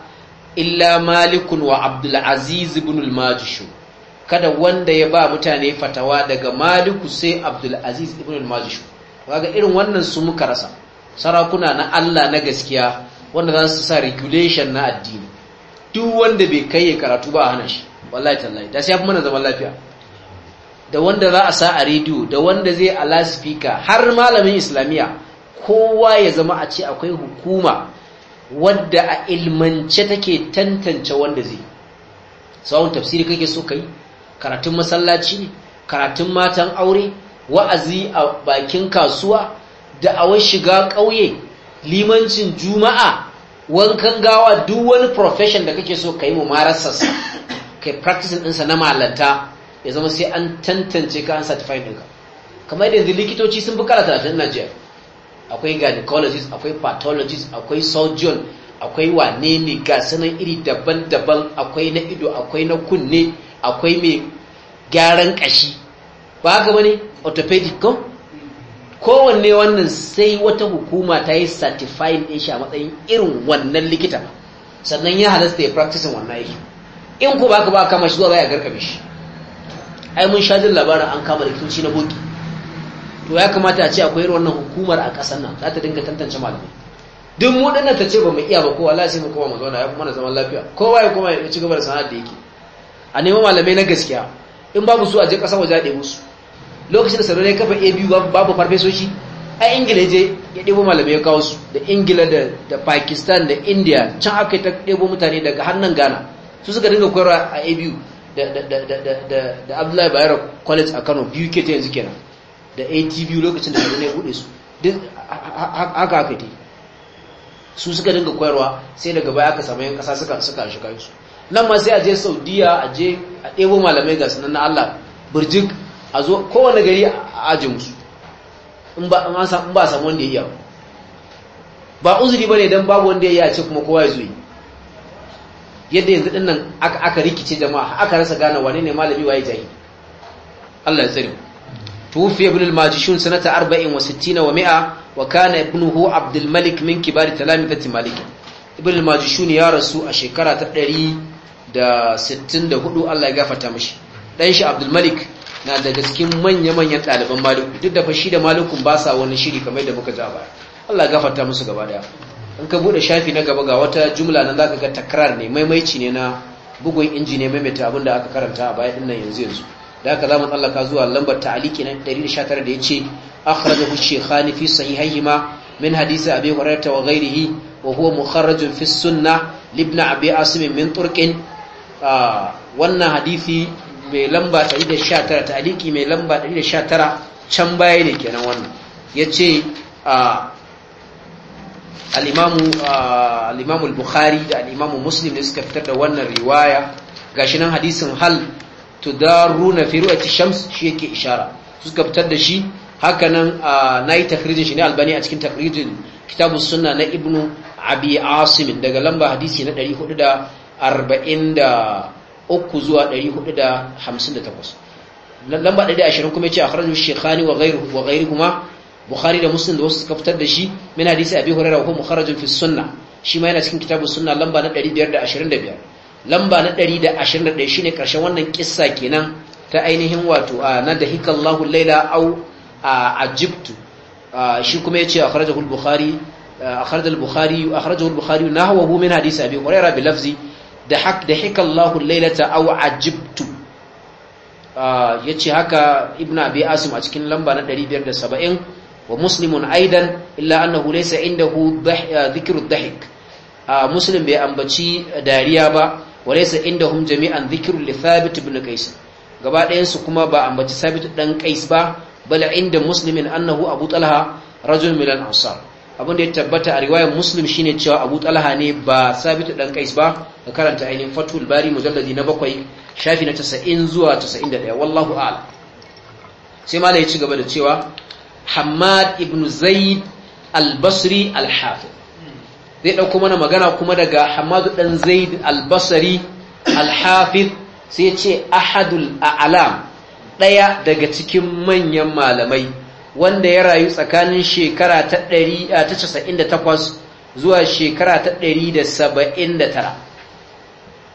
illa malikun wa abdulaziz ibn majishu kada wanda ya ba mutane fatawa daga maliku sai abdulaziz ibn majishu irin wannan su muka rasa sarakuna na Allah na gaskiya wanda za su sa regulation na addini duk wanda bai kai ya karatu ba a hana shi wallahi tallahi da sai fi mana zaman lafiya da wanda za a sa a rediyo da wanda zai a laspika har malamin islamiyya kowa ya zama a ce akwai hukuma wadda a ilmance take tantance wanda zai sawun tafsiri kake so kai karatun masallaci karatun matan aure wa'azi a bakin kasuwa Da a wan shiga ƙauye limancin juma'a wankan gawa duk wani profession da kake so ka yi mumararsa kai practicing ɗinsa na malanta ya zama sai an tantance ka an certified ɗinka kamar yadda yanzu likitoci sun fi kala talatin Najeriya akwai gynecologist akwai pathologist akwai surgeon akwai wane ne ga sanan iri daban-daban akwai na ido akwai na kunne akwai mai gyaran kashi ba ga bane orthopedic ko kowanne wannan sai wata hukuma ta yi certifying din shi a matsayin irin wannan likita sannan ya halasta ya practicing wannan aiki in ku baka ba kama shi zuwa baya garkame shi ai mun sha jin labarin an kama likitoci na boki to ya kamata a ce akwai irin wannan hukumar a ƙasar nan za ta dinga tantance malamai duk mu dinnan ta ce ba mu iya ba ko wallahi sai mu koma mu zauna ya kuma na zaman lafiya kowa ya koma ya ci gaba da sana'ar da yake a neman malamai na gaskiya in babu su a je ƙasar waje a ɗebo su lokacin da sarari ya kafa abu babu farfesoshi a ingila je ya ɗebo malamai ya kawo su da ingila da pakistan da india can aka yi ta ɗebo mutane daga hannun ghana su suka dinga koyarwa a abu da abdullahi bayero college a kano biyu ke ta yanzu kenan da atv lokacin da sarari ya buɗe su haka haka ta su suka dinga koyarwa sai daga baya aka samu yan ƙasa suka suka shiga su nan ma sai a je saudiya a je a ɗebo malamai ga sunan na allah birjik a zo kowane gari a ajin musu in ba a samu wanda ya yi iya ba uzuri ba ne don babu wanda ya yi a ce kuma kowa ya zo yi. yadda yanzu ɗin nan aka rikice jama'a aka rasa gane wane ne malami waye jahi Allah ya tsari tufi ibn al-majishun sanata 40 wa 60 wa mi'a wa kana ibnuhu abd al-malik min kibari talamidati malik ibn al-majishun ya rasu a shekara ta 164 Allah ya gafarta mashi. Ɗan shi abd malik na daga cikin manya-manyan ɗaliban maluku duk da fashi da malukun ba sa wani shiri kamar da muka zaba baya Allah gafarta musu gaba daya in ka bude shafi na gaba ga wata jumla nan zaka ga takrar ne maimaici ne na bugun inji ne maimaita abin da aka karanta a baya dinnan yanzu yanzu da haka zamu tsallaka zuwa lambar ta'aliki na 119 da yace akhrajahu shaykhani fi sahihayhima min hadisi abi hurairah wa ghayrihi wa huwa mukharrajun fi sunnah libna abi asim min turqin ah, wannan hadisi mai lamba 119 ta'aliki mai lamba 119 can baya ne kenan wannan yace ce Alimamu al bukhari da Alimamu imamu muslim ne suka fitar da wannan riwaya shi nan hadisin hal tudaruna fi a shams shi yake ishara suka fitar da shi haka nan nayi takrijin shi ne albani a cikin takrijin kitabus sunna na ibnu abi asim daga lamba hadisi na 440 uku zuwa 458 lamba 120 kuma yace akhrajahu shaykhani wa ghayruhu wa ghayruhuma bukhari da muslim da wasu suka fitar da shi min hadisi abi hurairah ko mukharrajun fi sunnah shi ma yana cikin kitabu sunna lamba na 525 lamba na 121 shine karshen wannan kissa kenan ta ainihin wato na da hikallahu laila au ajibtu shi kuma yace akhrajahu al-bukhari akhrajahu al-bukhari akhrajahu al-bukhari nahwahu min hadisi abi hurairah bi lafzi da hak da lailata aw ajibtu ah, yace haka ibnu abi asim a cikin lamba na 570 wa muslimun aidan illa annahu laysa indahu ah, dhikru dhahik ah, muslim bai ambaci dariya ba wa laysa indahum jami'an dhikru li thabit ibn qais gaba ɗayan su kuma ba ambaci thabit dan qais ba bal inda muslimin annahu abu talha rajul min al-ansar abin da ya tabbata a riwayar muslim shine cewa abu talha ne ba sabitu Ɗan kais ba a karanta ainihin fatul bari mujalladi na bakwai shafi na tasa'in zuwa da ɗaya wallahu ala sai malai ya ci gaba da cewa hamad ibn zaid al-basri al hafi zai ɗauko mana magana kuma daga Hamadu Ɗan zaid al-basri al hafi sai ce ahadul a'alam ɗaya daga cikin manyan malamai wanda ya rayu tsakanin shekara ta 98 zuwa shekara ta 179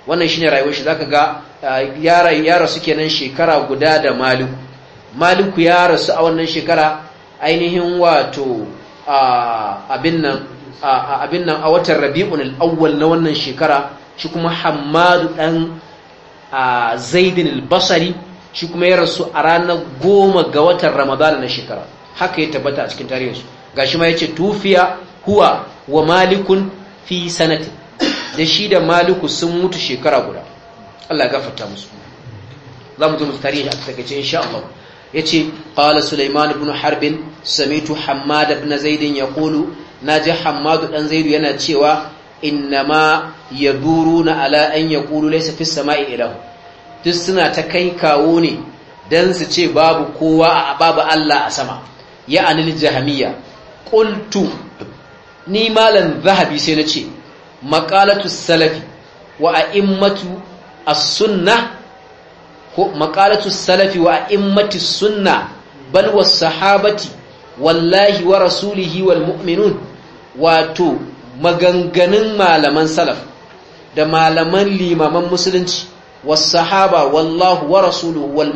wannan shine rayuwar shi zaka ga ya rasu nan shekara guda da maliku maliku ya rasu a wannan shekara ainihin wato abin nan a abin nan a watan rabi'un al-awwal na wannan shekara shi kuma hammadu dan zaidin al-basri shi kuma ya rasu a ranar goma ga watan ramadana na shekara haka ya tabbata a cikin tarihinsu gashi ma ya ce tufiya huwa wa malikun fi sanati da shi da maliku sun mutu shekara guda Allah gafarta musu za mu zo musu tarihi a takaice insha Allah ce qala sulaiman ibn harbin samitu hamad ibn zaid na ji hammad dan zaid yana cewa inna innama yaduruna ala an yaqulu laysa fis sama'i ilahu duk suna ta kai kawo ne don su ce babu kowa babu Allah a sama ya anil jahamiyya ƙultu ni malan zahabi sai na ce salafi wa as ko salafi wa a immati sunna bal was-sahabati wallahi wa rasulihi wal mu'minun wato maganganun malaman salaf da malaman limaman musulunci was-sahaba wallahu wa rasuluhu wal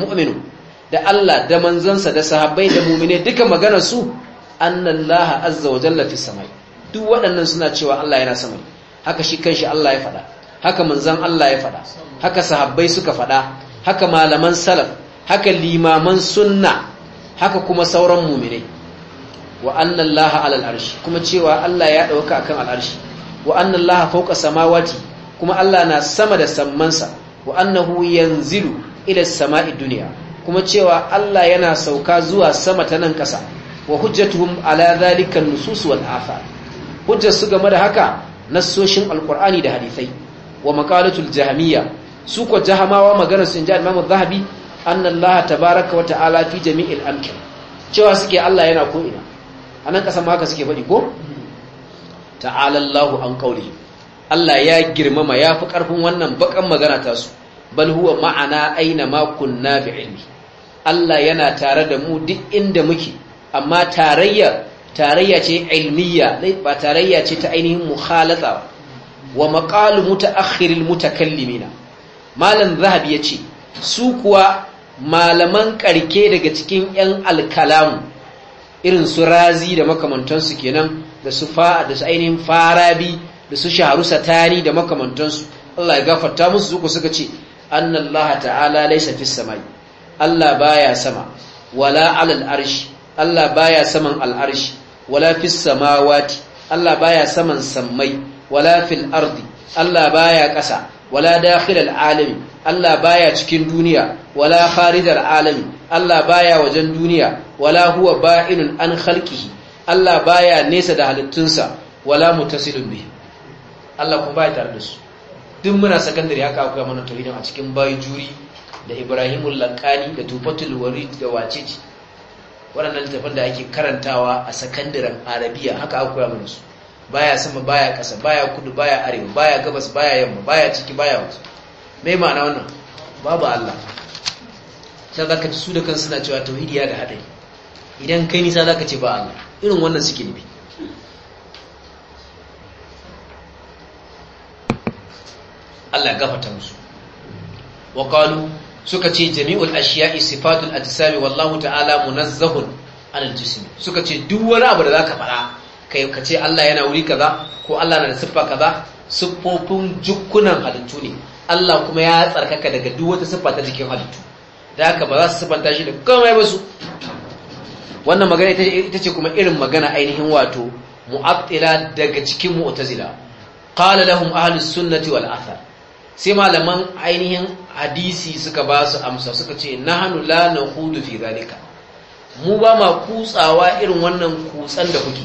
da Allah da manzansa da sahabbai da mu'mine duka maganar su annallaha azza wa fi samai duk waɗannan suna cewa Allah yana sama haka shi kanshi Allah ya faɗa haka manzan Allah ya faɗa haka sahabbai suka faɗa haka malaman salaf haka limaman sunna haka kuma sauran mu'minai wa annallaha alal arshi kuma cewa Allah ya dauka akan al'arshi arshi wa annallaha fawqa samawati kuma Allah na sama da sammansa wa annahu yanzilu ila samai dunya kuma cewa Allah yana sauka zuwa sama ta nan ƙasa wa hujjatuhum ala zalika nusus wal athar hujja su game da haka nassoshin alqur'ani da hadisai wa maqalatul jahmiyya su ko jahamawa magana sun ji Imam Zahabi anna Allah tabaaraka wa ta'ala fi jami'il amkin cewa suke Allah yana ko ina anan ƙasa ma haka suke faɗi ko ta'ala Allahu an qawlihi Allah ya girmama ya fi ƙarfin wannan baƙan magana ta su bal huwa ma'ana aina ma kunna bi ilmi Allah yana tare da mu duk inda muke amma tarayya tarayya ce ilmiya ba tarayya ce ta ainihin mukhalata wa maƙalu maqalu mutaakhiril mutakallimina malam zahabi ce su kuwa malaman karke daga cikin yan alkalamu irin su razi da makamantansu kenan da su da su ainihin farabi da su shaharu satani da makamantansu Allah ya gafarta musu zuku suka ce annallaha ta'ala laisa fis samai Allah baya sama wala alal arshi Allah baya saman al arshi wala fis samawati Allah baya saman sammai wala fil ardi Allah baya ƙasa wala dakhilal alami Allah baya cikin duniya wala kharijal alami Allah baya wajen duniya wala huwa ba'inun an khalqihi Allah baya nesa da halittunsa wala mutasilun bihi Allah kuma baya tare da su duk muna sakandare haka akwai mana tauhidin a cikin bayi juri da Ibrahimul Lankani da Tufatul Warid da Wacici waɗannan littafan da ake karantawa a sakandaren Arabiya haka akwai mana su baya sama baya ƙasa baya kudu baya arewa baya gabas baya yamma baya ciki baya wasu mai ma'ana wannan babu Allah sai za ka ci su da kansu suna cewa tauhidi ya da haɗari idan kai nisa za ka ce ba Allah irin wannan suke nufi Allah gafata musu wa qalu suka ce jami'ul ashiya'i sifatul ajsami wallahu ta'ala munazzahun anil jism suka ce duk wani abu da zaka faɗa kai ka ce Allah yana wuri kaza ko Allah na da siffa kaza siffofin jukkunan halittu ne Allah kuma ya tsarkaka daga duk wata siffa ta jikin halittu da haka ba za su siffanta shi da komai ba su wannan magana ita ce kuma irin magana ainihin wato mu'attila daga cikin mu'tazila qala lahum ahlus sunnati wal athar sai malaman ainihin hadisi suka ba su amsa suka ce nahanu la nahudu fi zalika mu ba ma kutsawa irin wannan kutsan da kuke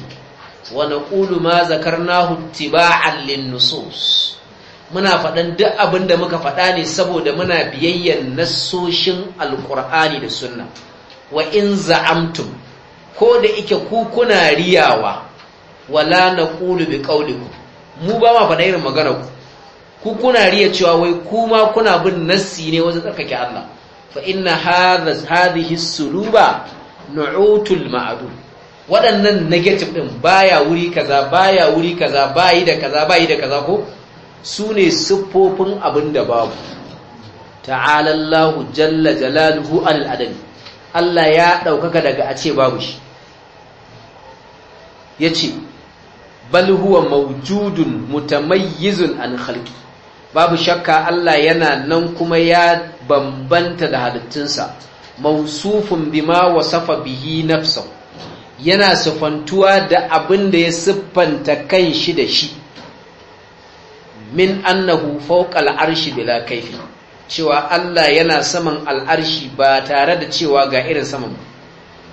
wa naqulu ma zakarnahu tiba'an lin-nusus muna faɗan duk abin da muka faɗa ne saboda muna biyayyar nasoshin alkur'ani da sunna wa in za'amtum ko da ike ku kuna riyawa wala naqulu biqaulikum mu ba ma faɗa irin maganar ku ku kuna riya cewa wai kuma kuna bin nassi ne wajen tsarkake Allah fa inna hadha hadhihi suluba nu'utul ma'adu waɗannan negative din baya wuri kaza baya wuri kaza bayi da kaza bayi da kaza ko su ne siffofin abin babu ta'ala Allahu jalla jalaluhu al Allah ya ɗaukaka daga a ce babu shi yace bal huwa mawjudun mutamayyizun an khalqi babu shakka Allah yana nan kuma ya bambanta da halittunsa mausufun bima wasafa bihi nafsa yana sifantuwa da abin da ya siffanta kan shi da shi min annahu fawqal al'arshi bila kaifi cewa Allah yana saman al'arshi ba tare da cewa ga irin saman ba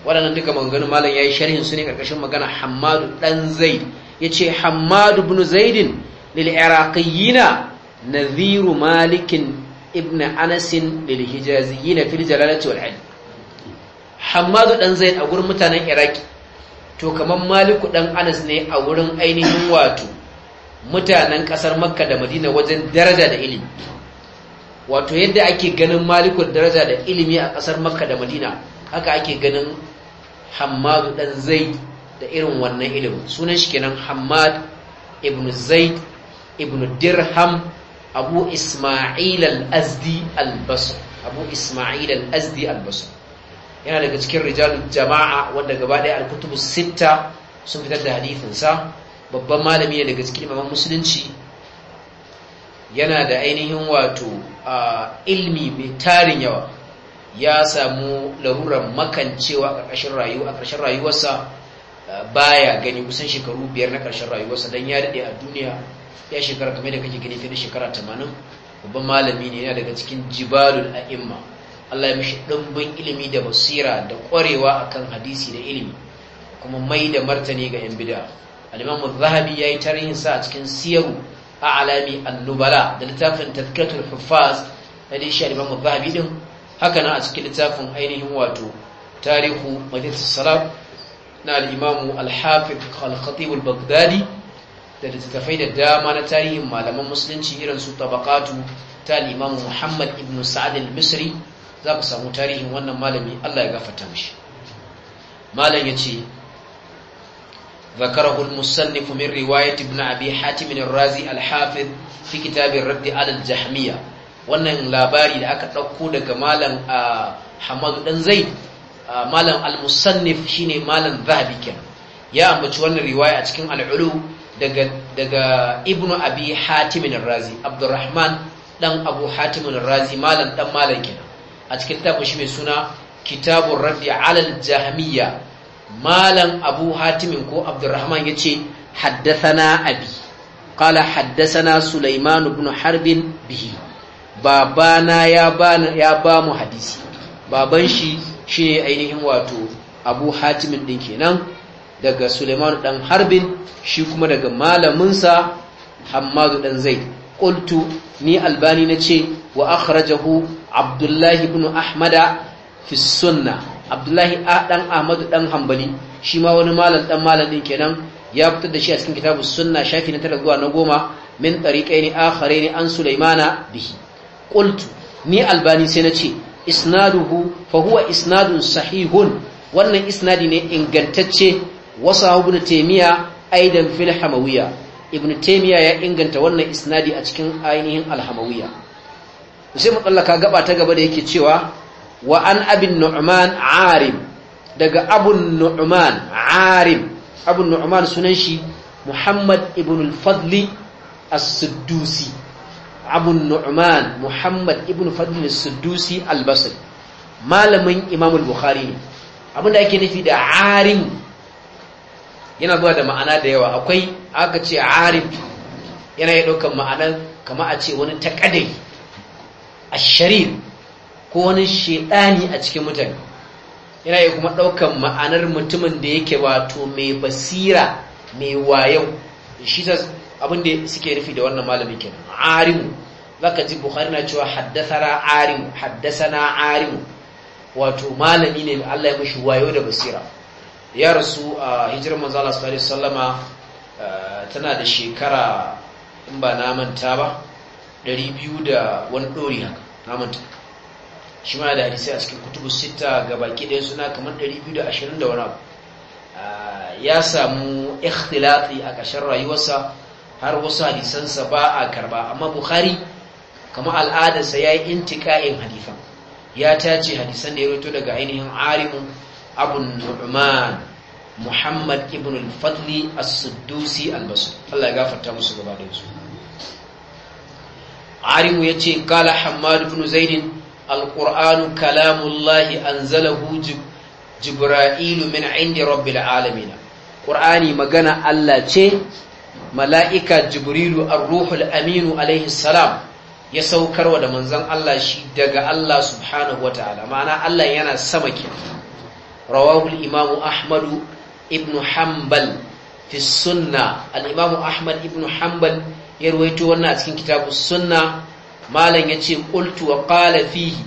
waɗannan duka manganu malam yayi sharhin su ne karkashin magana Hammadu dan Zaid yace Hammadu ibn Zaidin lil iraqiyina nadhiru malikin ibn anasin lil hijaziyyin fil jalalati wal ilm hammadu dan zaid a gurin mutanen iraki to kaman maliku dan anas ne a wurin ainihin wato mutanen kasar makka da madina wajen daraja da ilimi wato yadda ake ganin maliku daraja da ilimi a kasar makka da madina haka ake ganin hammadu dan zaid da irin wannan ilimin sunan shi kenan hammad ibnu zaid Ibnu dirham abu isma'il al-azdi al abu isma'il al-azdi al yana daga cikin rijalul jama'a wanda gaba ɗaya al-kutubu sitta sun fitar da hadisin sa babban malami ne daga cikin imaman musulunci yana da ainihin wato ilmi mai tarin yawa ya samu larurar makancewa a ƙarshen rayuwa a ƙarshen rayuwarsa baya gani kusan shekaru biyar na ƙarshen rayuwarsa don ya daɗe a duniya ya shekara kamar da kake gani fiye da shekara tamanin babban malami ne yana daga cikin jibalul a'imma Allah ya mishi ɗumbin ilimi da basira da ƙwarewa akan hadisi da ilimi kuma mai da martani ga yan bida al-imamu zahabi yi tarihin sa a cikin siyaru a alami annubala da littafin tafkatul hufaz na dai shi al zahabi din haka nan a cikin littafin ainihin wato tarihu majalisar salam na al'imamu al al baghdadi da littattafai da dama na tarihin malaman musulunci irin su tabaqatu ta al'imamu muhammad ibn sa'ad al-misri za ku samu tarihin wannan malami Allah ya gafarta mishi malam yace ذكره المصنف kumin رواية ابن أبي حاتم ra'zi الحافظ في كتاب rabbi adal الجحمية wannan labari da aka ɗauko daga malam ah, Hamadu ɗan Zaid Ah, malam al-musannif shine malam zahabi kenan ya ambaci wannan riwaya a cikin al-ulu daga daga ibnu abi hatim ar-razi abdurrahman dan abu hatim ar-razi malam dan malam kenan a cikin littafin shi mai suna kitabur raddi ala al-jahmiyya malam abu hatim ko abdurrahman yace haddathana abi qala haddathana sulaiman ibn harbin bihi babana ya bana ya ba mu hadisi baban shi shi ne ainihin wato abu hatimin ɗin kenan daga suleiman ɗan harbin shi kuma daga malaminsa hamadu ɗan zai ƙultu ni albani na ce wa akhrajahu abdullahi ibn ahmada fi sunna abdullahi a ɗan ahmadu ɗan hambali shi ma wani malam ɗan malam din kenan ya fitar da shi a cikin kitabu sunna shafi na tara zuwa na goma min ɗariƙai ne akhare ne an sulaimana bihi ƙultu ni albani sai na ce isnaduhu fa huwa isnadun sahihun wannan isnadi ne ingantacce wasu ibn taymiya aidan fil hamawiya ibn taymiya ya inganta wannan isnadi a cikin ainihin al sai mu tsallaka gaba ta gaba da yake cewa wa an abin nu'man arim daga abun nu'man arim abun nu'man sunan shi muhammad ibn al-fadli as-siddusi abu nu'man muhammad ibn fadl as-siddusi malamin imam al-bukhari ne abinda ake nufi da arim yana zuwa da ma'ana da yawa akwai aka ce arim yana ya daukan ma'anar kama a ce wani takadai a sharir ko wani shedani a cikin mutane yana ya kuma ɗaukan ma'anar mutumin da yake wato mai basira mai wayo shi ta abin da suke rufi da wannan malamin kenan arimu zaka ji bukhari na cewa haddasara arimu haddathana arimu wato malami ne Allah ya mishi wayo da basira ya rasu a hijirar manzo Allah sallallahu alaihi wasallama eh, tana da shekara in ba na manta ba 200 da wani dori haka na manta shi ma da hadisi a cikin kutubu sita ga baki ɗaya suna kamar 220 da wani abu eh, ya samu ikhtilati a ƙarshen rayuwarsa har wasu hadisansa ba a karba amma bukhari kama al'adarsa ya yi intiƙa'in hadifan ya tace hadisan da ya roto daga ainihin arimun abun nu'man muhammad ibn al-fadli as-suddusi al-basu Allah ya gafarta musu gaba da su arimu ya ce kala hamadu ibn zainin al ƙuranu kalamullahi anzalahu jibra'ilu min indi da alamina. Ƙur'ani magana Allah ce mala'ika jibrilu ar-ruhul aminu alaihi salam ya saukarwa da manzon Allah shi daga Allah subhanahu wataala ma'ana Allah yana sama ke rawahu al-imamu ahmadu ibn hanbal fi sunna al-imamu ahmad ibn hanbal ya ruwaito wannan a cikin kitabu sunna malam yace qultu wa qala fihi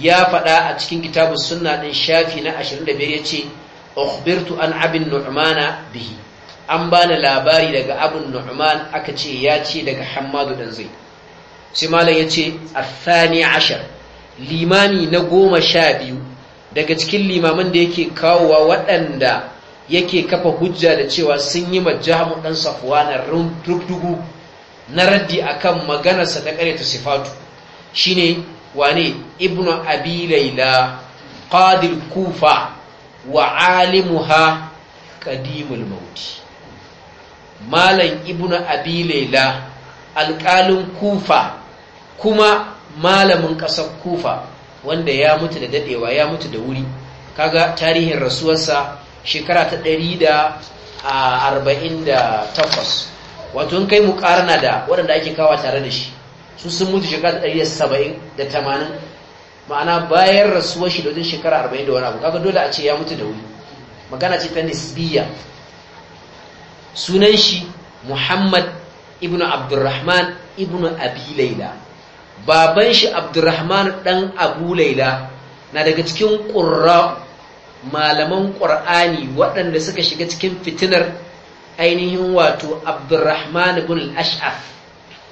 ya faɗa a cikin kitabu sunna ɗin shafi na 25 yace ukhbirtu an abin nu'mana bihi an ba ni labari daga abin nu'man aka ce ya ce daga hamadu dan zai sai malam ya ce athani ashar limami na goma sha biyu daga cikin limaman da yake kawowa waɗanda yake kafa hujja da cewa sun yi majahamu ɗan safuwa na rubdugu na raddi a kan maganarsa ta ƙareta sifatu shine wane ibnu abi laila qadir kufa wa alimuha qadimul mauti malam ibnu abi alƙalin kufa kuma malamin ƙasar kufa wanda ya mutu da daɗewa ya mutu da wuri kaga tarihin rasuwarsa shekara ta 148 wato in kai mu na da waɗanda ake kawa tare da shi su sun mutu shekara ta tamanin? ma'ana bayan rasuwar shi da wajen shekara 40 da wani abu kaga dole a ce ya mutu da wuri magana ce ta nisbiya sunan shi muhammad ibn abdurrahman ibn Abilaila, baban shi abdurrahman dan Abulaila, na daga cikin ƙurra malaman ƙur'ani waɗanda suka shiga cikin fitinar ainihin wato abdurrahman ibn al-ash'af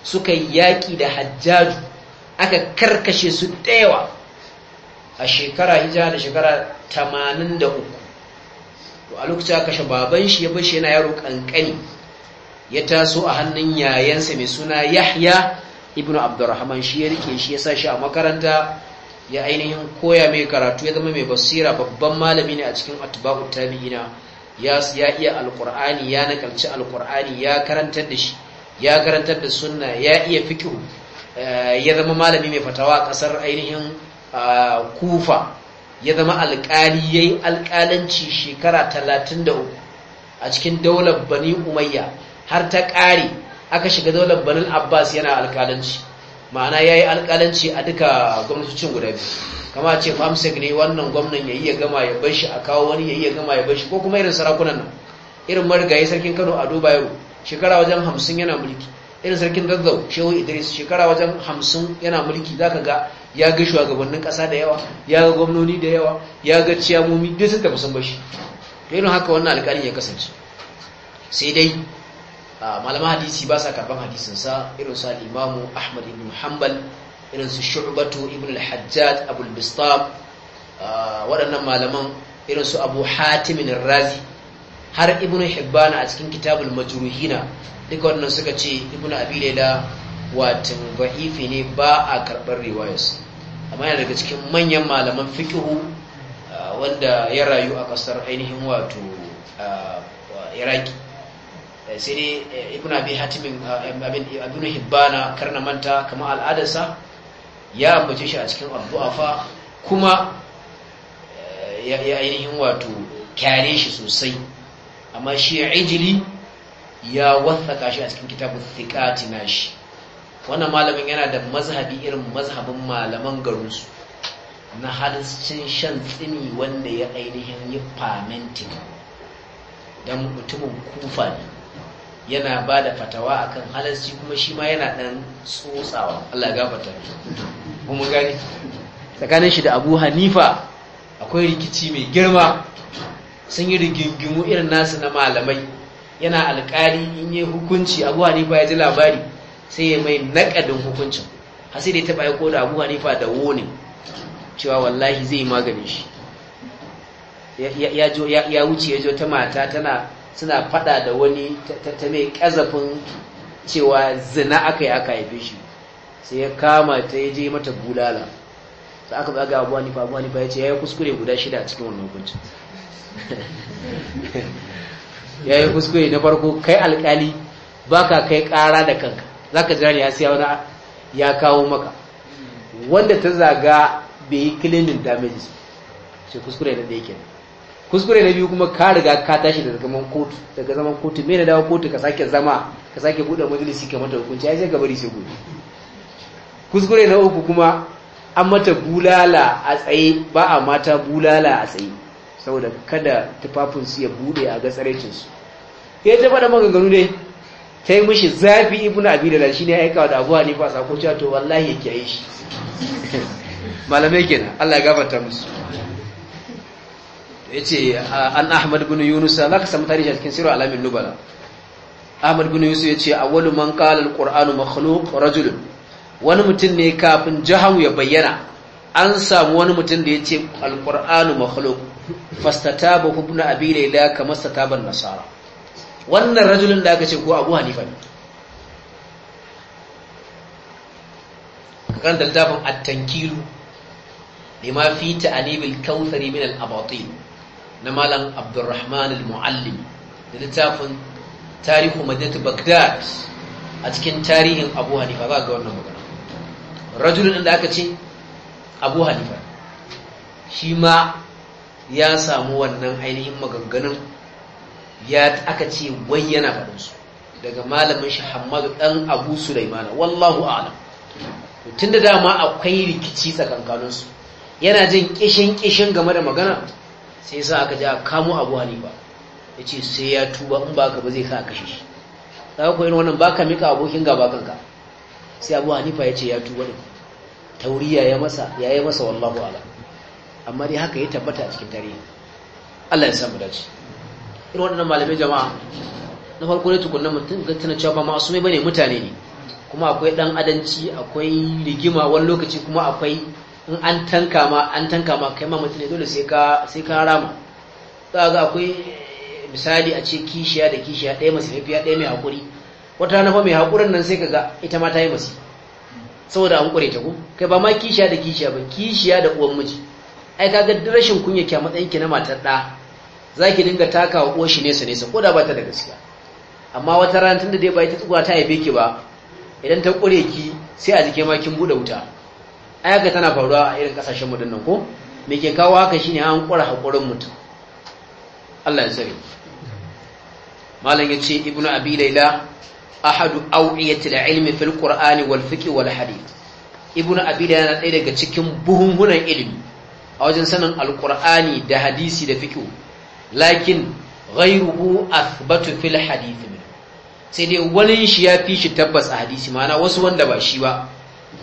suka yaƙi da hajjaju aka karkashe su ɗewa a shekara hijira da shekara 83 to a lokacin kashe baban shi ya bar shi yana yaro kankani ya taso a hannun yayansa mai suna Yahya ibnu Abdurrahman shi ya rike shi ya sa shi a makaranta ya ainihin koya mai karatu ya zama mai basira babban malami ne a cikin atba'ut tabi'ina ya ya iya alqur'ani ya nakalci alqur'ani ya karantar da shi ya karantar da sunna ya iya fiqh eh, ya zama malami mai fatawa a kasar ainihin ah, kufa ya zama alƙali ya yi alƙalanci shekara talatin da uku a cikin daular bani umayya har ta ƙare aka shiga daular banin abbas yana alƙalanci ma'ana ya yi alƙalanci a duka gwamnatocin guda biyu kama ce famsek ne wannan gwamnan ya yi ya gama ya bar shi a kawo wani ya yi ya gama ya bar shi ko kuma irin sarakunan nan irin marigayi sarkin kano ado bayero shekara wajen hamsin yana mulki irin sarkin dazzau shehu idris shekara wajen hamsin yana mulki za ka ga ya ga shugabannin kasa da yawa ya ga gwamnoni da yawa ya ga ciyamomi duk tafi ba bashi to irin haka wannan alƙalin ya kasance sai dai malaman hadisi ba sa karban hadisinsa irin su al-imamu ahmad ibn hanbal irin su shu'batu ibn al-hajjaj al bistab waɗannan malaman irin su abu hatimin razi har ibn hibbana a cikin kitabul majruhina duka wannan suka ce ibn abi wa watan ba'ifi ne ba a karɓar riwayarsu amma yana daga cikin manyan malaman fikihu ah, wanda ya rayu a ƙasar ainihin wato ah, iraki eh, sai dai eh, ibn abi hatimin ah, abin hibbana karna manta kama al'adarsa ya ambace shi a cikin abdu'afa kuma eh, ya ainihin wato kyare shi sosai amma shi ijili ya wathaka shi a cikin kitabun thiqati shi. wannan malamin yana da mazhabi irin mazhabin malaman garinsu na halscin shan tsini wanda ya ainihin yi famentin don mutumin kufa ne yana ba da fatawa akan halarci kuma shi ma yana ɗan tsotsawa Allah gafata kuma gani tsakanin shi da abu hanifa akwai rikici mai girma sun yi rigingimu irin nasu na malamai yana alƙali in yi hukunci abu hanifa ya ji labari sai ya mai nakadin hukuncin har sai da ya bai aiko da abu hanifa da woni cewa wallahi zai yi maganin shi ya wuce ya jo ta mata tana suna faɗa da wani ta mai ƙazafin cewa zina aka yi aka haife shi sai ya kama ta ya je mata bulala sai aka baga abu hanifa abu hanifa ya ce ya yi kuskure guda shida a cikin wannan hukuncin ya yi kuskure na farko kai alkali ba ka kai ƙara da kanka za ka jira ya siya wani ya kawo maka wanda ta zaga bai yi claiming damages shi kuskure na da yake kuskure na biyu kuma ka riga ka tashi daga zaman kotu daga zaman kotu me na dawo kotu ka sake zama ka sake buɗe majalisi ka mata hukunci ai sai ka bari sai gobe kuskure na uku kuma an mata bulala a tsaye ba a mata bulala a tsaye saboda kada tufafinsu ya buɗe a ga gatsaraicinsu ya eh, ta faɗa maganganu dai ta yi mishi zafi ibn da shi ne ya aika da abuwa ne fasa ko cewa to wallahi ya yi shi malamai kenan Allah ya gafarta musu ya ce an ahmad bin yunus za ka samu tarihi a cikin sirar alamin nubala ahmad bin yunus ya ce awwalu man qala al-qur'anu makhluq rajul wani mutum ne kafin jahawu ya bayyana an samu wani mutum da ya ce al-qur'anu makhluq fastataba ibn abi layla kama stataba an-nasara wannan rajulun da aka ce ko abu hanifa ne kan da littafin at-tankilu lima fi ta'anibil kawthari min al na malam abdurrahman al-muallim da littafin tarihu madinatu bagdad a cikin tarihin abu hanifa za ga wannan magana rajulun da aka ce abu hanifa shi ma ya samu wannan ainihin maganganun ya aka ce wai yana faɗin su daga malamin shi hamadu ɗan Abu Sulaimana wallahu a'lam da dama akwai rikici tsakankanin su yana jin ƙishin-ƙishin game da magana sai sa aka ja kamo Abu Hanifa yace sai ya tuba in ba ka ba zai sa kashe shi za ko irin wannan ka mika abokin gaba kanka sai Abu Hanifa ce ya tuba ne tauriya ya masa ya yi masa wallahu a'lam amma dai haka ya tabbata a cikin tarihi Allah ya samu dace irin waɗannan malamai jama'a na farko ne tukunna mutum ga tana cewa ba mai bane mutane ne kuma akwai dan adanci akwai rigima wani lokaci kuma akwai in an tanka ma an tanka ma kai ma mutum ne dole sai ka sai ka rama za ga akwai misali a ce kishiya da kishiya ɗaya fiya ɗaya mai haƙuri wata rana fa mai haƙurin nan sai ka ga ita ma ta yi masu, saboda an ƙure ta ko kai ba ma kishiya da kishiya ba kishiya da uwan miji ai kaga rashin kunya kya matsayin ki na matar ɗa za ki dinga taka wa ƙoshi nesa nesa ko da ba ta da gaskiya amma wata rana tun da dai ba ta tsuguwa ta haife ki ba idan ta kure ki sai a jike ma kin bude wuta ayaka tana faruwa a irin kasashen mu dinnan ko me ke kawo haka shine an kura hakurin mutum Allah ya tsare malam yace ibnu abi laila ahadu awiyati al-ilmi fil qur'ani wal fiqh wal hadith ibnu abi laila yana ɗaya daga cikin buhunhunan ilimi a wajen sanin alqur'ani da hadisi da fiqh lakin ghayruhu athbatu fil hadith min sai dai wani shi ya fi shi tabbas a hadisi ma'ana wasu wanda ba shi ba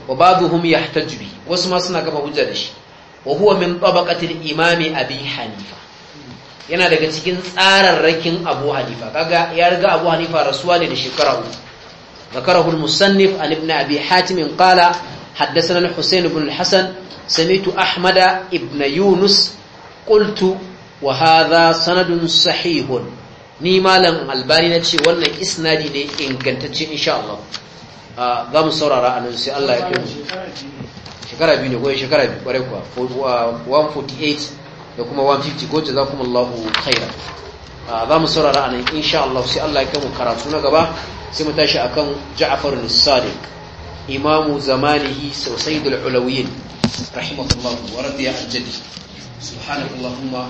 wa ba'dhum yahtaju bi wasu ma suna kafa hujja da shi wa huwa min tabaqati al-imami abi hanifa yana daga cikin tsararrakin abu hanifa kaga ya riga abu hanifa rasuwa ne da shekara uku ذكره المصنف عن ابن أبي حاتم قال حدثنا الحسين بن الحسن سميت أحمد ابن يونس قلت wa hadha sanadun sahihun ni malam albani na wannan isnadi ne ingantacce insha Allah za mu saurara anan sai Allah ya kiyaye shekara biyu ne ko shekara biyu kware kuwa 148 da kuma 150 ko jazakumullahu khaira za mu saurara anan insha Allah sai Allah ya kiyaye karatu na gaba sai mu tashi akan Ja'far al sadiq إمام zamanihi سيد العلويين رحمه الله ورضي عن جده سبحانك wa